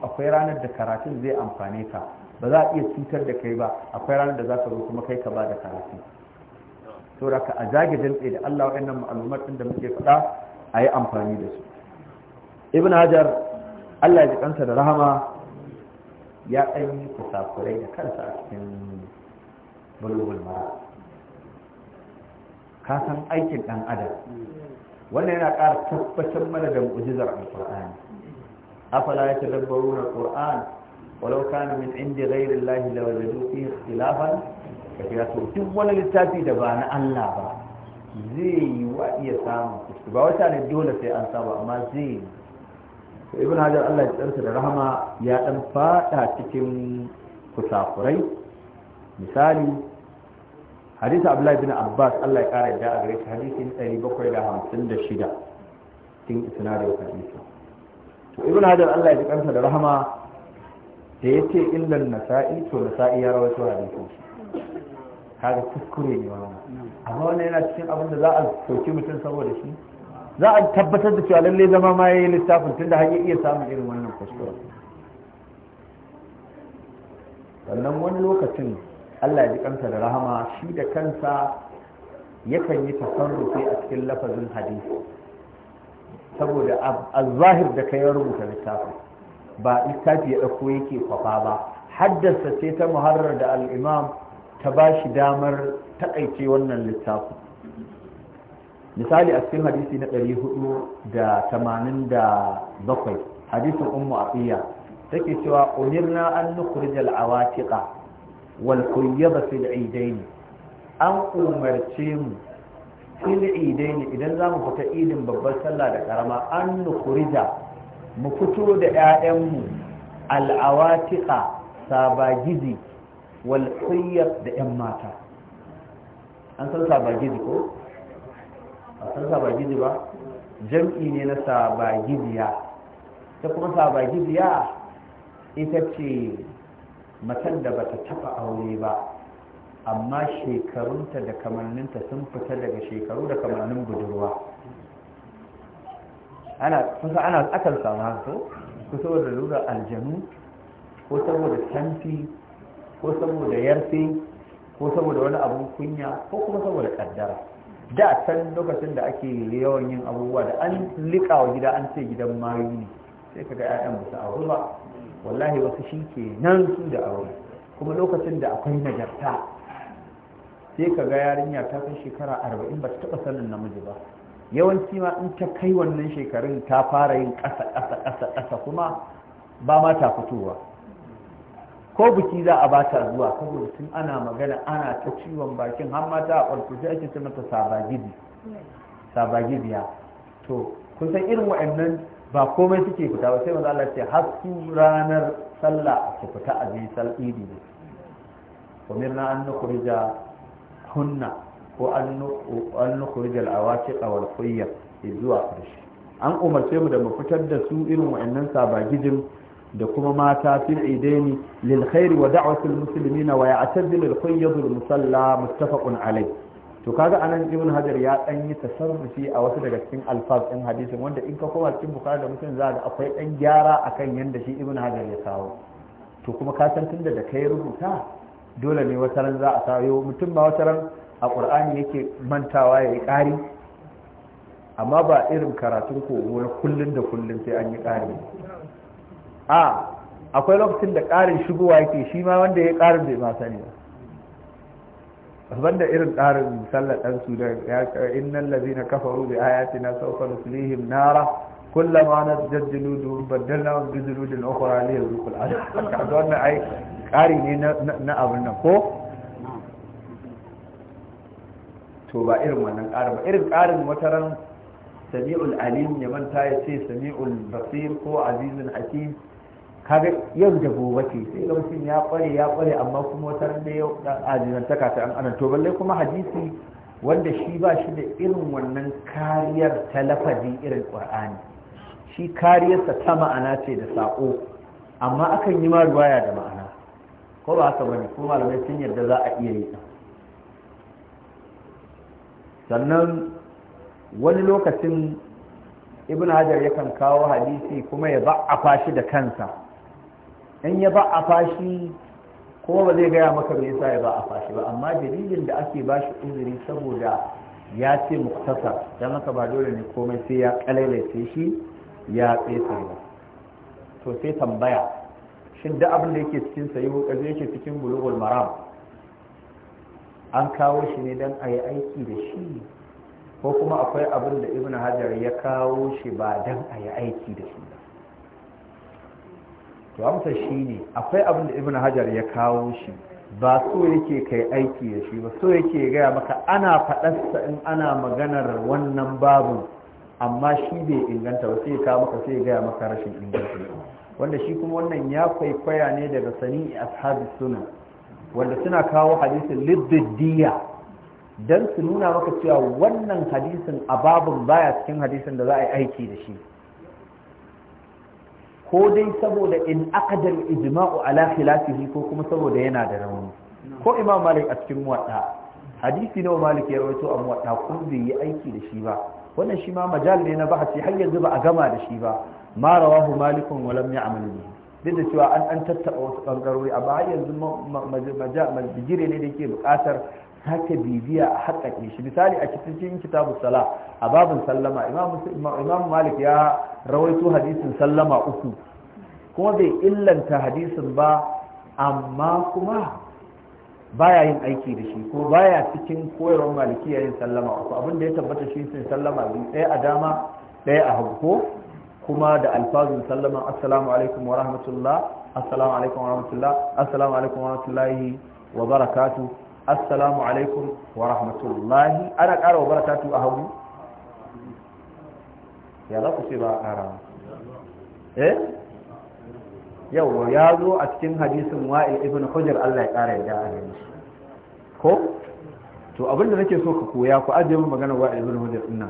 akwai ranar da karatun zai amfane ka ba za a iya cutar da kai ba akwai ranar da za ka zo kuma kai ka ba da karatun da ka a zage dantse da Allah nan ma'alumar ɗin da muke faɗa a yi amfani da su ibn hajar Allah ya ji kansa da rahama ya ɗan yi da kansa a cikin bulbul mara ka san aikin ɗan adam wannan yana ƙara tabbatar mana da mu'jizar alƙur'ani afala yatadabbaruna alquran walau kana min indi ghayri allahi lawajadu fihi ikhtilafan kathira to duk wani littafi da ba na Allah ba zai yi wa iya samun ba wata ne dole sai an saba amma zai ibn hajar Allah ya tsarsa da rahama ya dan fada cikin kusafurai misali hadisi abdullahi bin abbas Allah ya kara da a da shi hadisin 756 cikin isnadin hadisi to ibn hajar Allah ya ji kansa da rahama da ya ce illan nasa'i to nasa'i ya rawaito hadisin kaga kuskure ne wannan amma wannan yana cikin abin da za a soki mutum saboda shi za a tabbatar da cewa lalle zama ma yayi littafin tunda har ya iya samun irin wannan kuskure sannan wani lokacin Allah ya ji kansa da rahama shi da kansa yakan yi tasarrufi a cikin lafazin hadisi saboda a zahir da kai rubuta littafi, ba littafi ya ɗauko yake kwafa ba haddasa ce ta muharrar da al ta ba shi damar taƙaice wannan littafin misali a cikin hadisi na 487 hadisin ummu afiya take cewa umirna an nukhrij al-awatiqa wal kuyyaba fil aidain an umarce mu fil idan za mu fita idin babbar sallah da karama an nukurija mu fito da yayanmu al'awatiqa sabagizi wal da 'yan mata an san sabagizi ko a san sabagizi ba jam'i ne na sabagiziya ta kuma sabagiziya ita ce matan da bata taba aure ba amma shekarunta da kamanninta sun fita daga shekaru da kamannin budurwa ana kusa ana akan samu haka ko saboda lura aljanu ko saboda tanti ko saboda yarfe ko saboda wani abun kunya ko kuma saboda kaddara da can lokacin da ake yawan yin abubuwa da an liƙa wa gida an ce gidan mayu ne sai ga 'ya'yan ba su aure ba wallahi wasu shi ke nan su da aure kuma lokacin da akwai nagarta sai ka ga yarinya ta kai shekara arba'in ba ta taɓa sanin namiji ba yawanci ma in ta kai wannan shekarun ta fara yin ƙasa ƙasa ƙasa ƙasa kuma ba ma ta fitowa ko biki za a bata zuwa saboda tun ana magana ana ta ciwon bakin har ma ta ɓarko sai ake ce mata sabagidi sabagidiya to kun san irin waɗannan ba komai suke fita ba sai maza Allah ce har ranar sallah su fita a je sal'idi ne umirna an nukhrija hunna ko an a wace awatiq wal khuyya zuwa ƙarshe an umarce mu da mu fitar da su irin wa'annan sabagijin da kuma mata fil idaini lil khairi wa da'wati al muslimina wa ya'tazi lil khuyyad al musalla muttafaqun alayh to kaga anan ibn hajar ya dan yi tasarrufi a wasu daga cikin alfaz din hadisin wanda in ka koma cikin bukhari da muslim za ga akwai dan gyara akan yanda shi ibn hajar ya kawo to kuma ka san tunda da kai rubuta dole ne wata ran za a sayo mutum ba wata ran a ƙur'ani yake mantawa ya yi ƙari amma ba irin karatun kogo na kullum da kullum sai an yi ƙari a akwai lokacin da ƙarin shigowa yake shi ma wanda ya yi ƙarin bai ma sani ba banda irin ƙarin sallar ɗansu da innan lazina kafaru bi ayatina sawfa nuslihim nara kullama na jajjilu domin baddalla wa bijiru da ukura ne yanzu kula da wannan ai ƙari ne na abin nan ko to ba irin wannan ƙarin ba irin ƙarin wataran sami'ul alim ya manta ya ce sami'ul basir ko azizul hakim kaga yau da gobe ce sai ga mutum ya ƙware, ya ƙware. amma kuma wata da yau dan azizantaka ta an anan to balle kuma hadisi wanda shi ba shi da irin wannan kariyar ta lafazi irin qur'ani shi kariyarsa ta ma'ana ce da saƙo amma akan yi ma ruwaya da ma'ana ko ba haka bane ko malamai sun yarda za a iya yi sannan wani lokacin ibn hajar yakan kawo hadisi kuma ya ba'afa shi da kansa in ya ba'afa shi ko ba zai gaya maka me yasa ya ba a fashi ba amma dalilin da ake ba shi uzuri saboda ya ce muktasar don haka ba dole ne komai sai ya kalalace shi ya ba to sai tambaya shin da abin da yake cikin sayi kaje yake cikin bulugul maram an kawo shi ne don a yi aiki da shi ko kuma akwai abin da ibn hajar ya kawo shi ba don a yi aiki da shi ba to amsa shi ne akwai abin da ibn hajar ya kawo shi ba so yake kai aiki da shi ba so yake gaya maka ana faɗarsa in ana maganar wannan babu amma shi bai inganta ba sai ka maka sai gaya maka rashin inganta wanda shi kuma wannan ya kwaikwaya ne daga sani ashabi suna wanda suna kawo hadisin liddiddiya dan su nuna maka cewa wannan hadisin ababun baya cikin hadisin da za a yi aiki da shi ko dai saboda in aka da ijma'u ala khilafihi ko kuma saboda yana da rauni ko imam malik a cikin muwatta hadisi nawa malik ya rawaito a muwatta kun bai yi aiki da shi ba wannan shi ma majal ne na bahasi har yanzu ba a gama da shi ba ma rawahu malikun wa lam ya'mal ne. duk da cewa an an tattaba wasu bangarori amma har yanzu majal bigire ne da yake buƙatar sake bibiya a haƙaƙe shi misali a cikin kitabu sala a babin sallama imam malik ya rawaito hadisin sallama uku kuma bai illanta hadisin ba amma kuma baya yin aiki da shi ko baya cikin koyarwar maliki yin sallama ko abin da ya tabbata shi sai sallama biyu ɗaya a dama ɗaya a hagu kuma da alfazun sallama assalamu alaikum wa rahmatullah assalamu alaikum wa rahmatullah assalamu alaikum wa rahmatullahi wa barakatu assalamu alaikum wa rahmatullahi ana ƙara wa barakatu a hagu ya za ku ce ba a ƙara eh yau ya zo a cikin hadisin wa'il ibn hujjar Allah ya ƙara yadda a su, ko to abin da nake so ka koya ku ajiye mu magana wa'il ibn hujjar din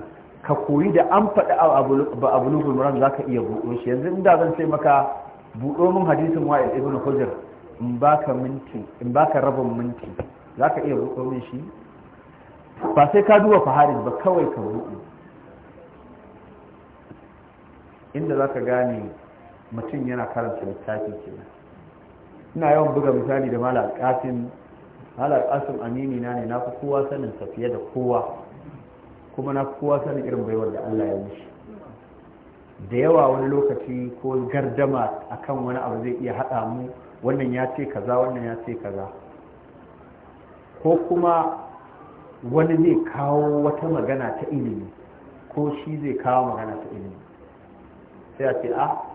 ka koyi da an faɗi ba abu nufin muran za ka iya buɗo shi yanzu inda zan sai maka buɗo min hadisin wa'il ibn hujjar in baka minti in minti za ka iya buɗo min shi ba sai ka duba fahari ba kawai ka buɗe inda za ka gane mutum yana karanta littafi kenan ina yawan buga misali da mala amini na ne na fi kowa sanin sa fiye da kowa kuma na fi kowa sanin irin baiwar da Allah ya mishi da yawa wani lokaci ko gardama akan wani abu zai iya haɗa mu wannan ya ce kaza wannan ya ce kaza ko kuma wani zai kawo wata magana ta ilimi ko shi zai kawo magana ta ilimi sai a ce a ah,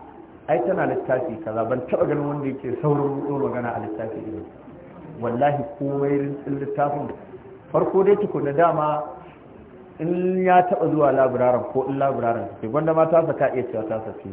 ai tana littafi kaza ban taba ganin wanda yake saurin rudo magana a littafi irin wallahi komai rintsin littafin farko dai tukuna dama in ya taba zuwa labiraren ko in labiraren take gwanda ma ta saka iya cewa ta sace.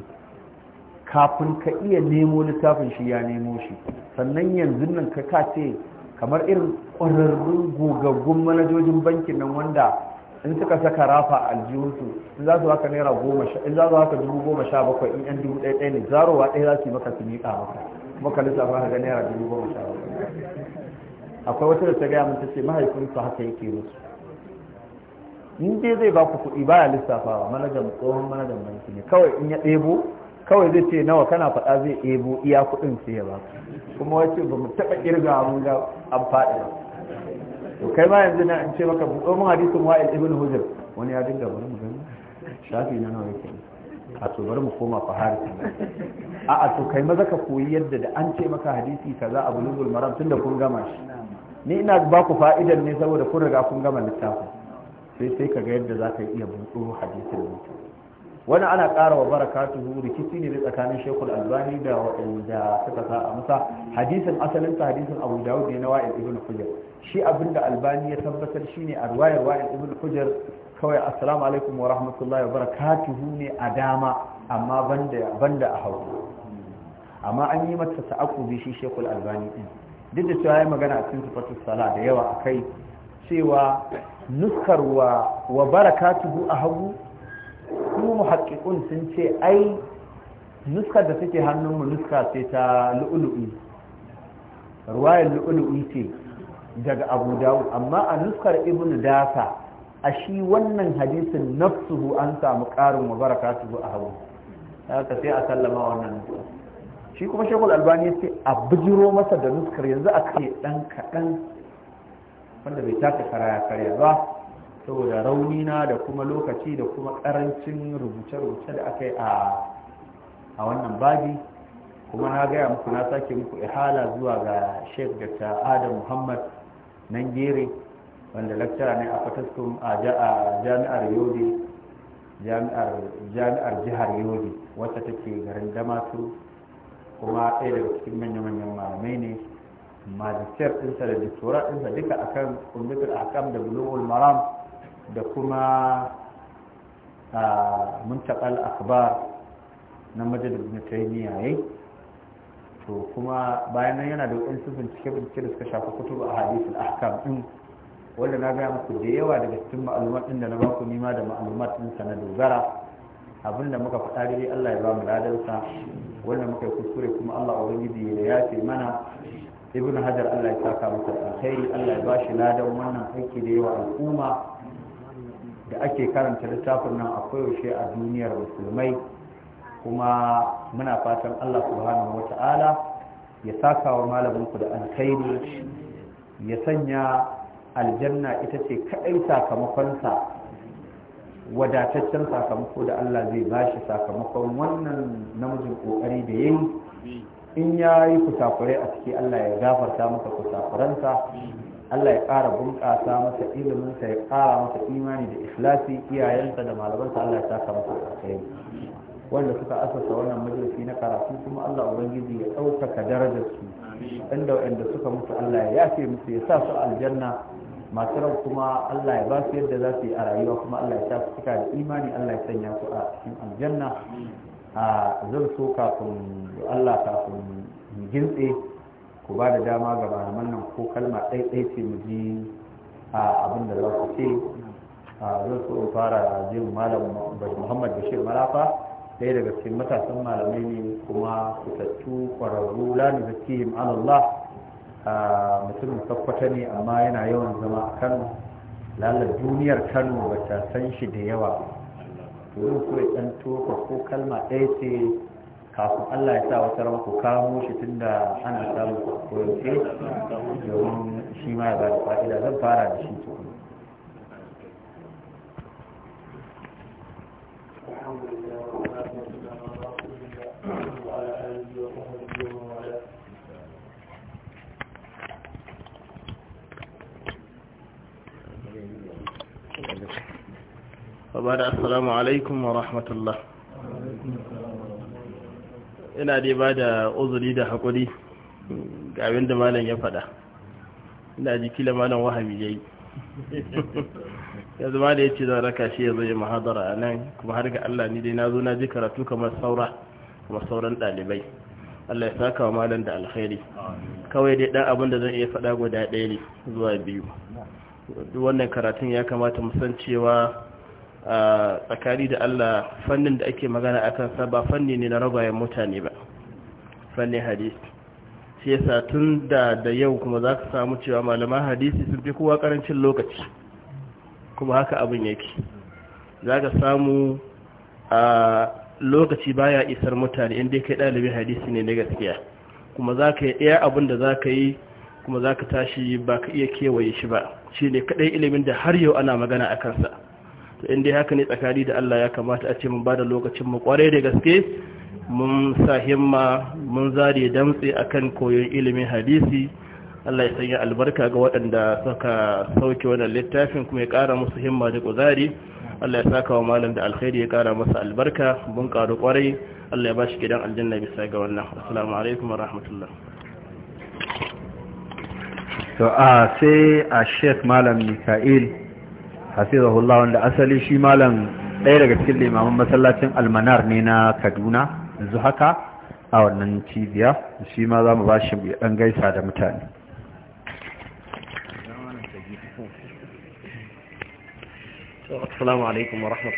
kafin ka iya nemo littafin shi ya nemo shi sannan yanzu nan ka kace kamar irin ƙwararrun gogaggun manajojin bankin nan wanda in suka saka rafa aljihunsu in za su haka naira goma sha in za su haka dubu goma sha bakwai in yan dubu ɗaya ne zarowa ɗaya za su yi maka su miƙa maka ka lissafa ka ga naira dubu goma sha bakwai akwai wata da ta gaya mun ta ce mahaifinsu haka yake musu in dai zai ba ku kuɗi baya lissafawa manajan tsohon manajan banki ne kawai in ya ɗebo kawai zai ce nawa kana faɗa zai ɗebo iya kuɗin sai ya ba kuma wace ba mu taɓa ƙirga mun ga an faɗi ba to kai ma yanzu na in ce maka buɗo mun hadisin wa'il ibn hujr wani ya dinga bari mu gani shafi na nawa yake a to bari mu koma fahari a a to kai maza ka koyi yadda da an ce maka hadisi kaza abu nuzul maram tunda kun gama shi ni ina ba ku fa'idan ne saboda kun riga kun gama littafin sai sai ka ga yadda za ka iya buɗo hadisin mutum wani ana kara wa barakatuhu rikici ne tsakanin shekul albani da waɗanda suka sa amsa hadisin asalin sa hadisin abu dawud ne na wa'il ibn hujjar shi abinda albani ya tabbatar shine a ruwayar wa'il ibn hujjar kawai assalamu alaikum wa rahmatullahi wa barakatuhu ne a dama amma banda banda a hagu amma an yi mata ta'aqubi shi shekul albani din duk da cewa ya magana a cikin sifatus sala da yawa akai cewa nuskar wa wa barakatuhu a hagu kuma muhakkikun sun ce ai nuskar da suke hannunmu nuska ce ta lu'ulu'i ruwayar lu'ulu'i ce daga abu dawud amma a nuskar ibn dasa a shi wannan hadisin nafsuhu an samu ƙarin su a hagu haka sai a sallama wannan nuskar shi kuma shekul albani ce a bijiro masa da nuskar yanzu a kai ɗan kaɗan wanda bai taka kara ya karya ba saboda raunina da kuma lokaci da kuma karancin rubuce-rubuce da aka yi a wannan babi kuma na gaya muku na sake muku ihala zuwa ga sheik ta adam muhammad nan gere wanda lakcara ne a fataskum a jami'ar yobe jami'ar jihar yobe wacce take garin damatu kuma ɗaya daga cikin manya-manyan malamai ne majistar ɗinsa da diktora ɗinsa duka akan kundin akam da global maram da kuma muntakal akbar na majalibin taimiya yayi to kuma bayan nan yana da waɗansu bincike-bincike da suka shafi kutubu a hadisin ahkam din wanda na gaya muku da yawa daga cikin ma'alumat din da na baku nima da ma'alumat din sa na dogara abin da muka faɗa dai Allah ya ba mu ladansa wanda muka yi kuskure kuma Allah ubangiji ya yafe mana ibnu hajar Allah ya saka masa alkhairi Allah ya ba shi ladan wannan aiki da yawa al'umma da ake karanta littafin nan a koyaushe a duniyar musulmai kuma muna fatan allah subhanahu wa ta'ala ya saka wa malaminku da alkhairi ya sanya aljanna ita ce kaɗai sakamakonsa wadataccen sakamako da allah zai bashi sakamakon wannan namijin ƙoƙari da yayi in ya yi kusakurai a ciki allah ya gafarta maka kusakuransa Allah ya ƙara bunƙasa masa iliminsa ya ƙara masa imani da ikhlasi iyayensa da malamansa Allah ya saka masa alkhairi wanda suka asasa wannan majalisi na karatu kuma Allah ubangiji ya ɗaukaka darajarsu. su inda waɗanda suka mutu Allah ya yafe musu ya sa su aljanna masu ran kuma Allah ya ba su yadda za su yi a rayuwa kuma Allah ya sa su da imani Allah ya sanya su a cikin aljanna a ah, zan so kafin Allah kafin gintse ku ba da dama ga malaman nan ko kalma ɗaiɗai ce mu ji a abin da za ku ce zan so in fara jin malam muhammad bashir marafa ɗaya daga cikin matasan malamai ne kuma fitattu ƙwararru la da zakihim alallah mutumin tabbata ne amma yana yawan zama a kano lalar duniyar kano ba ta san shi da yawa to so ɗan tofa ko kalma ɗaya ce kafin Allah ya sa wata rawa ku kamo shi tun da ana samun koyaushe domin shi ma ya bada fa'ida zan fara da shi tukun وبعد السلام عليكم ورحمة الله ina dai ba da uzuri da hakuri ga abin da malam ya faɗa ina ji kila malam wahami ya yi yanzu zama da ya ce zan raka shi ya zo ya mahadara a nan kuma har ga allah ni dai na zo na ji karatu kamar saura kamar sauran ɗalibai allah ya saka wa malam da alkhairi kawai dai dan abin da zan iya faɗa guda ɗaya ne zuwa biyu wannan karatun ya kamata mu san cewa tsakani da Allah fannin da ake magana a kansa ba fanni ne na ragwayen mutane ba fannin hadisi sai yasa tun da da yau kuma za ka samu cewa malaman hadisi sun fi kowa karancin lokaci kuma haka abin yake za ka samu a lokaci baya isar mutane inda kai ɗalibin hadisi ne na gaskiya kuma za ka yi ɗaya abin da za ka yi kuma za ka tashi ba ka iya kewaye shi ba shi ne kaɗai ilimin da har yau ana magana a kansa in dai haka ne tsakani da Allah ya kamata a ce mun bada lokacin mu kware da gaske mun sa himma mun zare damtse akan koyon ilimin hadisi Allah ya sanya albarka ga waɗanda suka sauke wannan littafin kuma ya kara musu himma da kuzari Allah ya saka wa malam da alkhairi ya kara masa albarka mun ƙaru kwarai Allah ya bashi gidan aljanna bisa ga wannan assalamu alaikum wa to a sai a sheikh malam mika'il hafizahullah wanda asali shi malam ɗaya daga cikin limamin masallacin almanar ne na kaduna yanzu haka a wannan cibiya shi ma za mu ba shi ɗan gaisa da mutane assalamu alaikum wa ba sai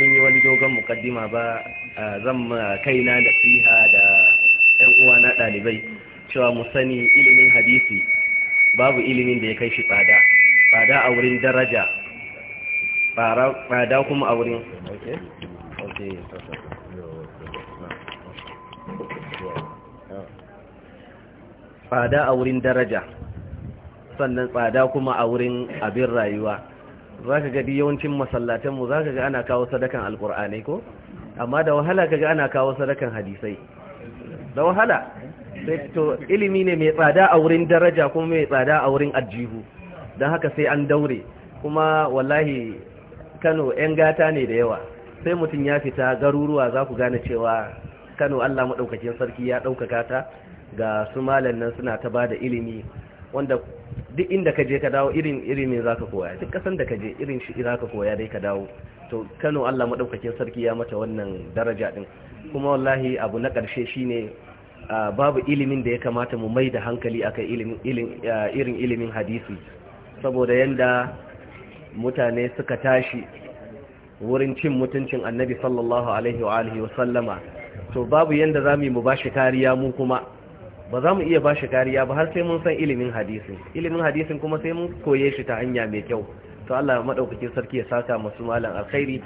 mun yi wani dogon mukaddima ba eh, zan kaina da fiha da 'yan uwa na ɗalibai cewa mu sani ilimin hadisi babu ilimin da ya kai shi tsada tsada a wurin daraja tsada kuma a wurin tsada a wurin daraja sannan tsada kuma a wurin abin rayuwa za ka gadi yawancin masallatanmu za ka ga ana kawo sadakan alkur'anai ko amma da wahala ka ga ana kawo sadakan hadisai da wahala to ilimi ne mai tsada a wurin daraja kuma mai tsada a wurin aljihu don haka sai an daure kuma wallahi kano 'yan gata ne da yawa sai mutum ya fita garuruwa za ku gane cewa kano allah maɗaukakin sarki ya ɗaukaka ta ga su malan nan suna ta ba da ilimi wanda duk inda ka je ka dawo irin ne za ka koya duk kasan da ka je irin shi za ka koya dai ka dawo to kano allah maɗaukakin sarki ya mata wannan daraja din kuma wallahi abu na ƙarshe shine babu ilimin da ya kamata mu mai da hankali akan irin ilimin hadisi saboda yadda mutane suka tashi wurin cin mutuncin annabi sallallahu alaihi wa alihi wasallama to babu yadda za mu yi mu ba shi kariya mu kuma ba za mu iya ba shi kariya ba har sai mun san ilimin hadisi. ilimin hadisin kuma sai mun koye shi ta hanya mai kyau to Allah madaukake sarki ya saka masu malam alkhairi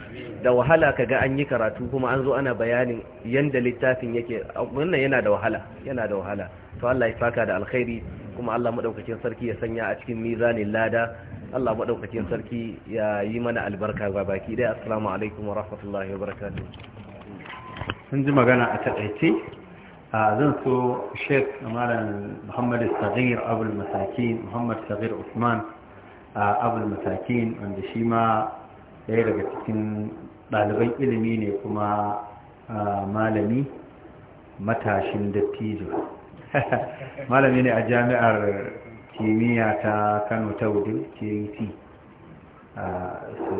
da wahala kaga an yi karatu kuma an zo ana bayanin yanda littafin yake wannan yana da wahala yana da wahala to Allah ya saka da alkhairi kuma Allah madaukake sarki ya sanya a cikin mizanin lada Allah maɗaukakin sarki ya yi mana albarka ga baki dai assalamu alaikum wa rahmatullahi sun ji magana a takaice zan so Sheikh Malam Muhammad Sagir abul Masakin Muhammad Sagir Usman abul matakin wanda shi ma ɗaya daga cikin ɗaliban ilimi ne kuma malami matashin dattijo malami ne a jami'ar kimiyya ta kano ta wudin ket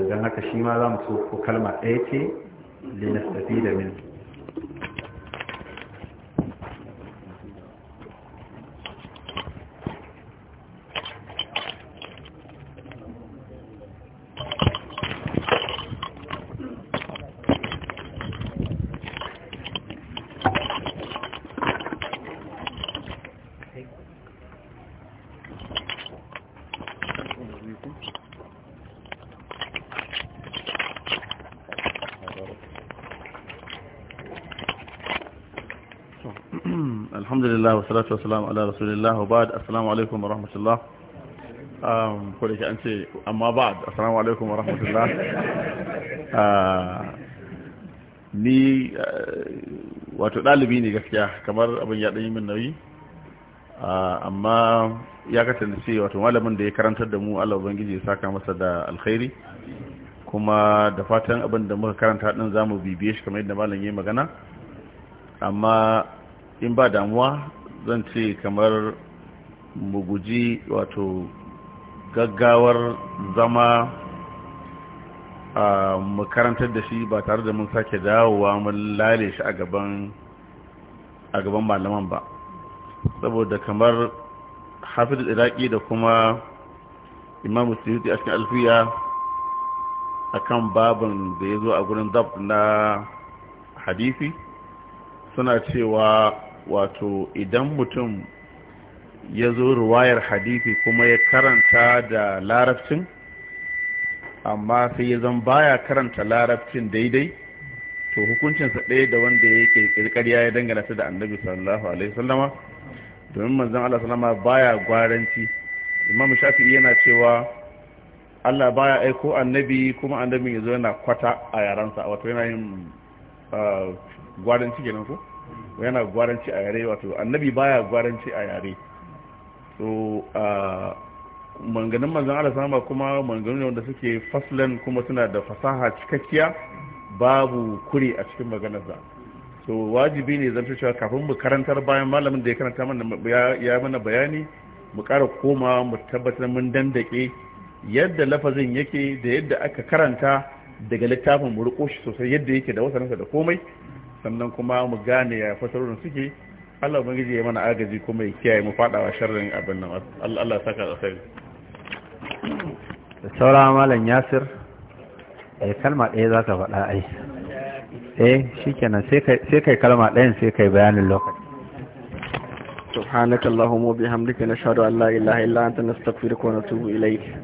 don haka shi ma za mu so ko kalma ɗaya ce na da min alhamdulillah wa salatu wa ala rasulillah wa ba'd assalamu alaikum wa rahmatullah um ko da ke an ce amma ba'd assalamu alaikum wa rahmatullah uh, ni uh, wato dalibi ne gaskiya kamar abin ya yi min nauyi uh, amma ya kasance wato malamin da ya karantar da mu Allah ubangiji ya saka masa da alkhairi kuma da fatan abin da muka karanta din zamu bibiye shi kamar yadda malamin ya magana amma in ba damuwa zan ce kamar mu guji wato gaggawar zama a makarantar da shi ba tare da mun sake dawowa mun lale shi a gaban malaman ba saboda kamar hafi da iraki da kuma imam suyuti a cikin alfiya kan babin da ya zo a gurin zab na hadisi suna cewa wato idan mutum ya zo ruwayar hadithi kuma ya karanta da larabcin amma sai ya zan baya karanta larabcin daidai to hukuncinsa ɗaya da wanda ya kirkirkar ya dangana su da annabi sallallahu alaihi sallama domin manzon Allah sallama baya gwaranci imam shafi'i yana cewa Allah baya aiko annabi kuma annabi ya zo yana kwata a yaransa wato yana yin ah, gwaranci kenan ko yana gwaranci a yare wato annabi baya gwaranci a yare so a manganin manzan Allah sama kuma manganin wanda suke faslan kuma suna da fasaha cikakkiya babu kuri a cikin maganarsa so wajibi ne zan cewa kafin mu karantar bayan malamin da ya karanta mana ya mana bayani mu kara koma mu tabbatar mun dandake yadda lafazin yake da yadda aka karanta daga littafin mu riko shi sosai yadda yake da wasanansa da komai sannan kuma mu gane ya fasarorin suke Allah ubangiji ya mana agaji kuma ya kiyaye mu fadawa sharrin abin nan Allah saka da da saura malam Yasir eh kalma ɗaya za ka faɗa ai eh shikenan sai kai sai kai kalma ɗayan sai kai bayanin lokaci سبحانك اللهم وبحمدك نشهد أن لا إله إلا أنت نستغفرك ونتوب إليك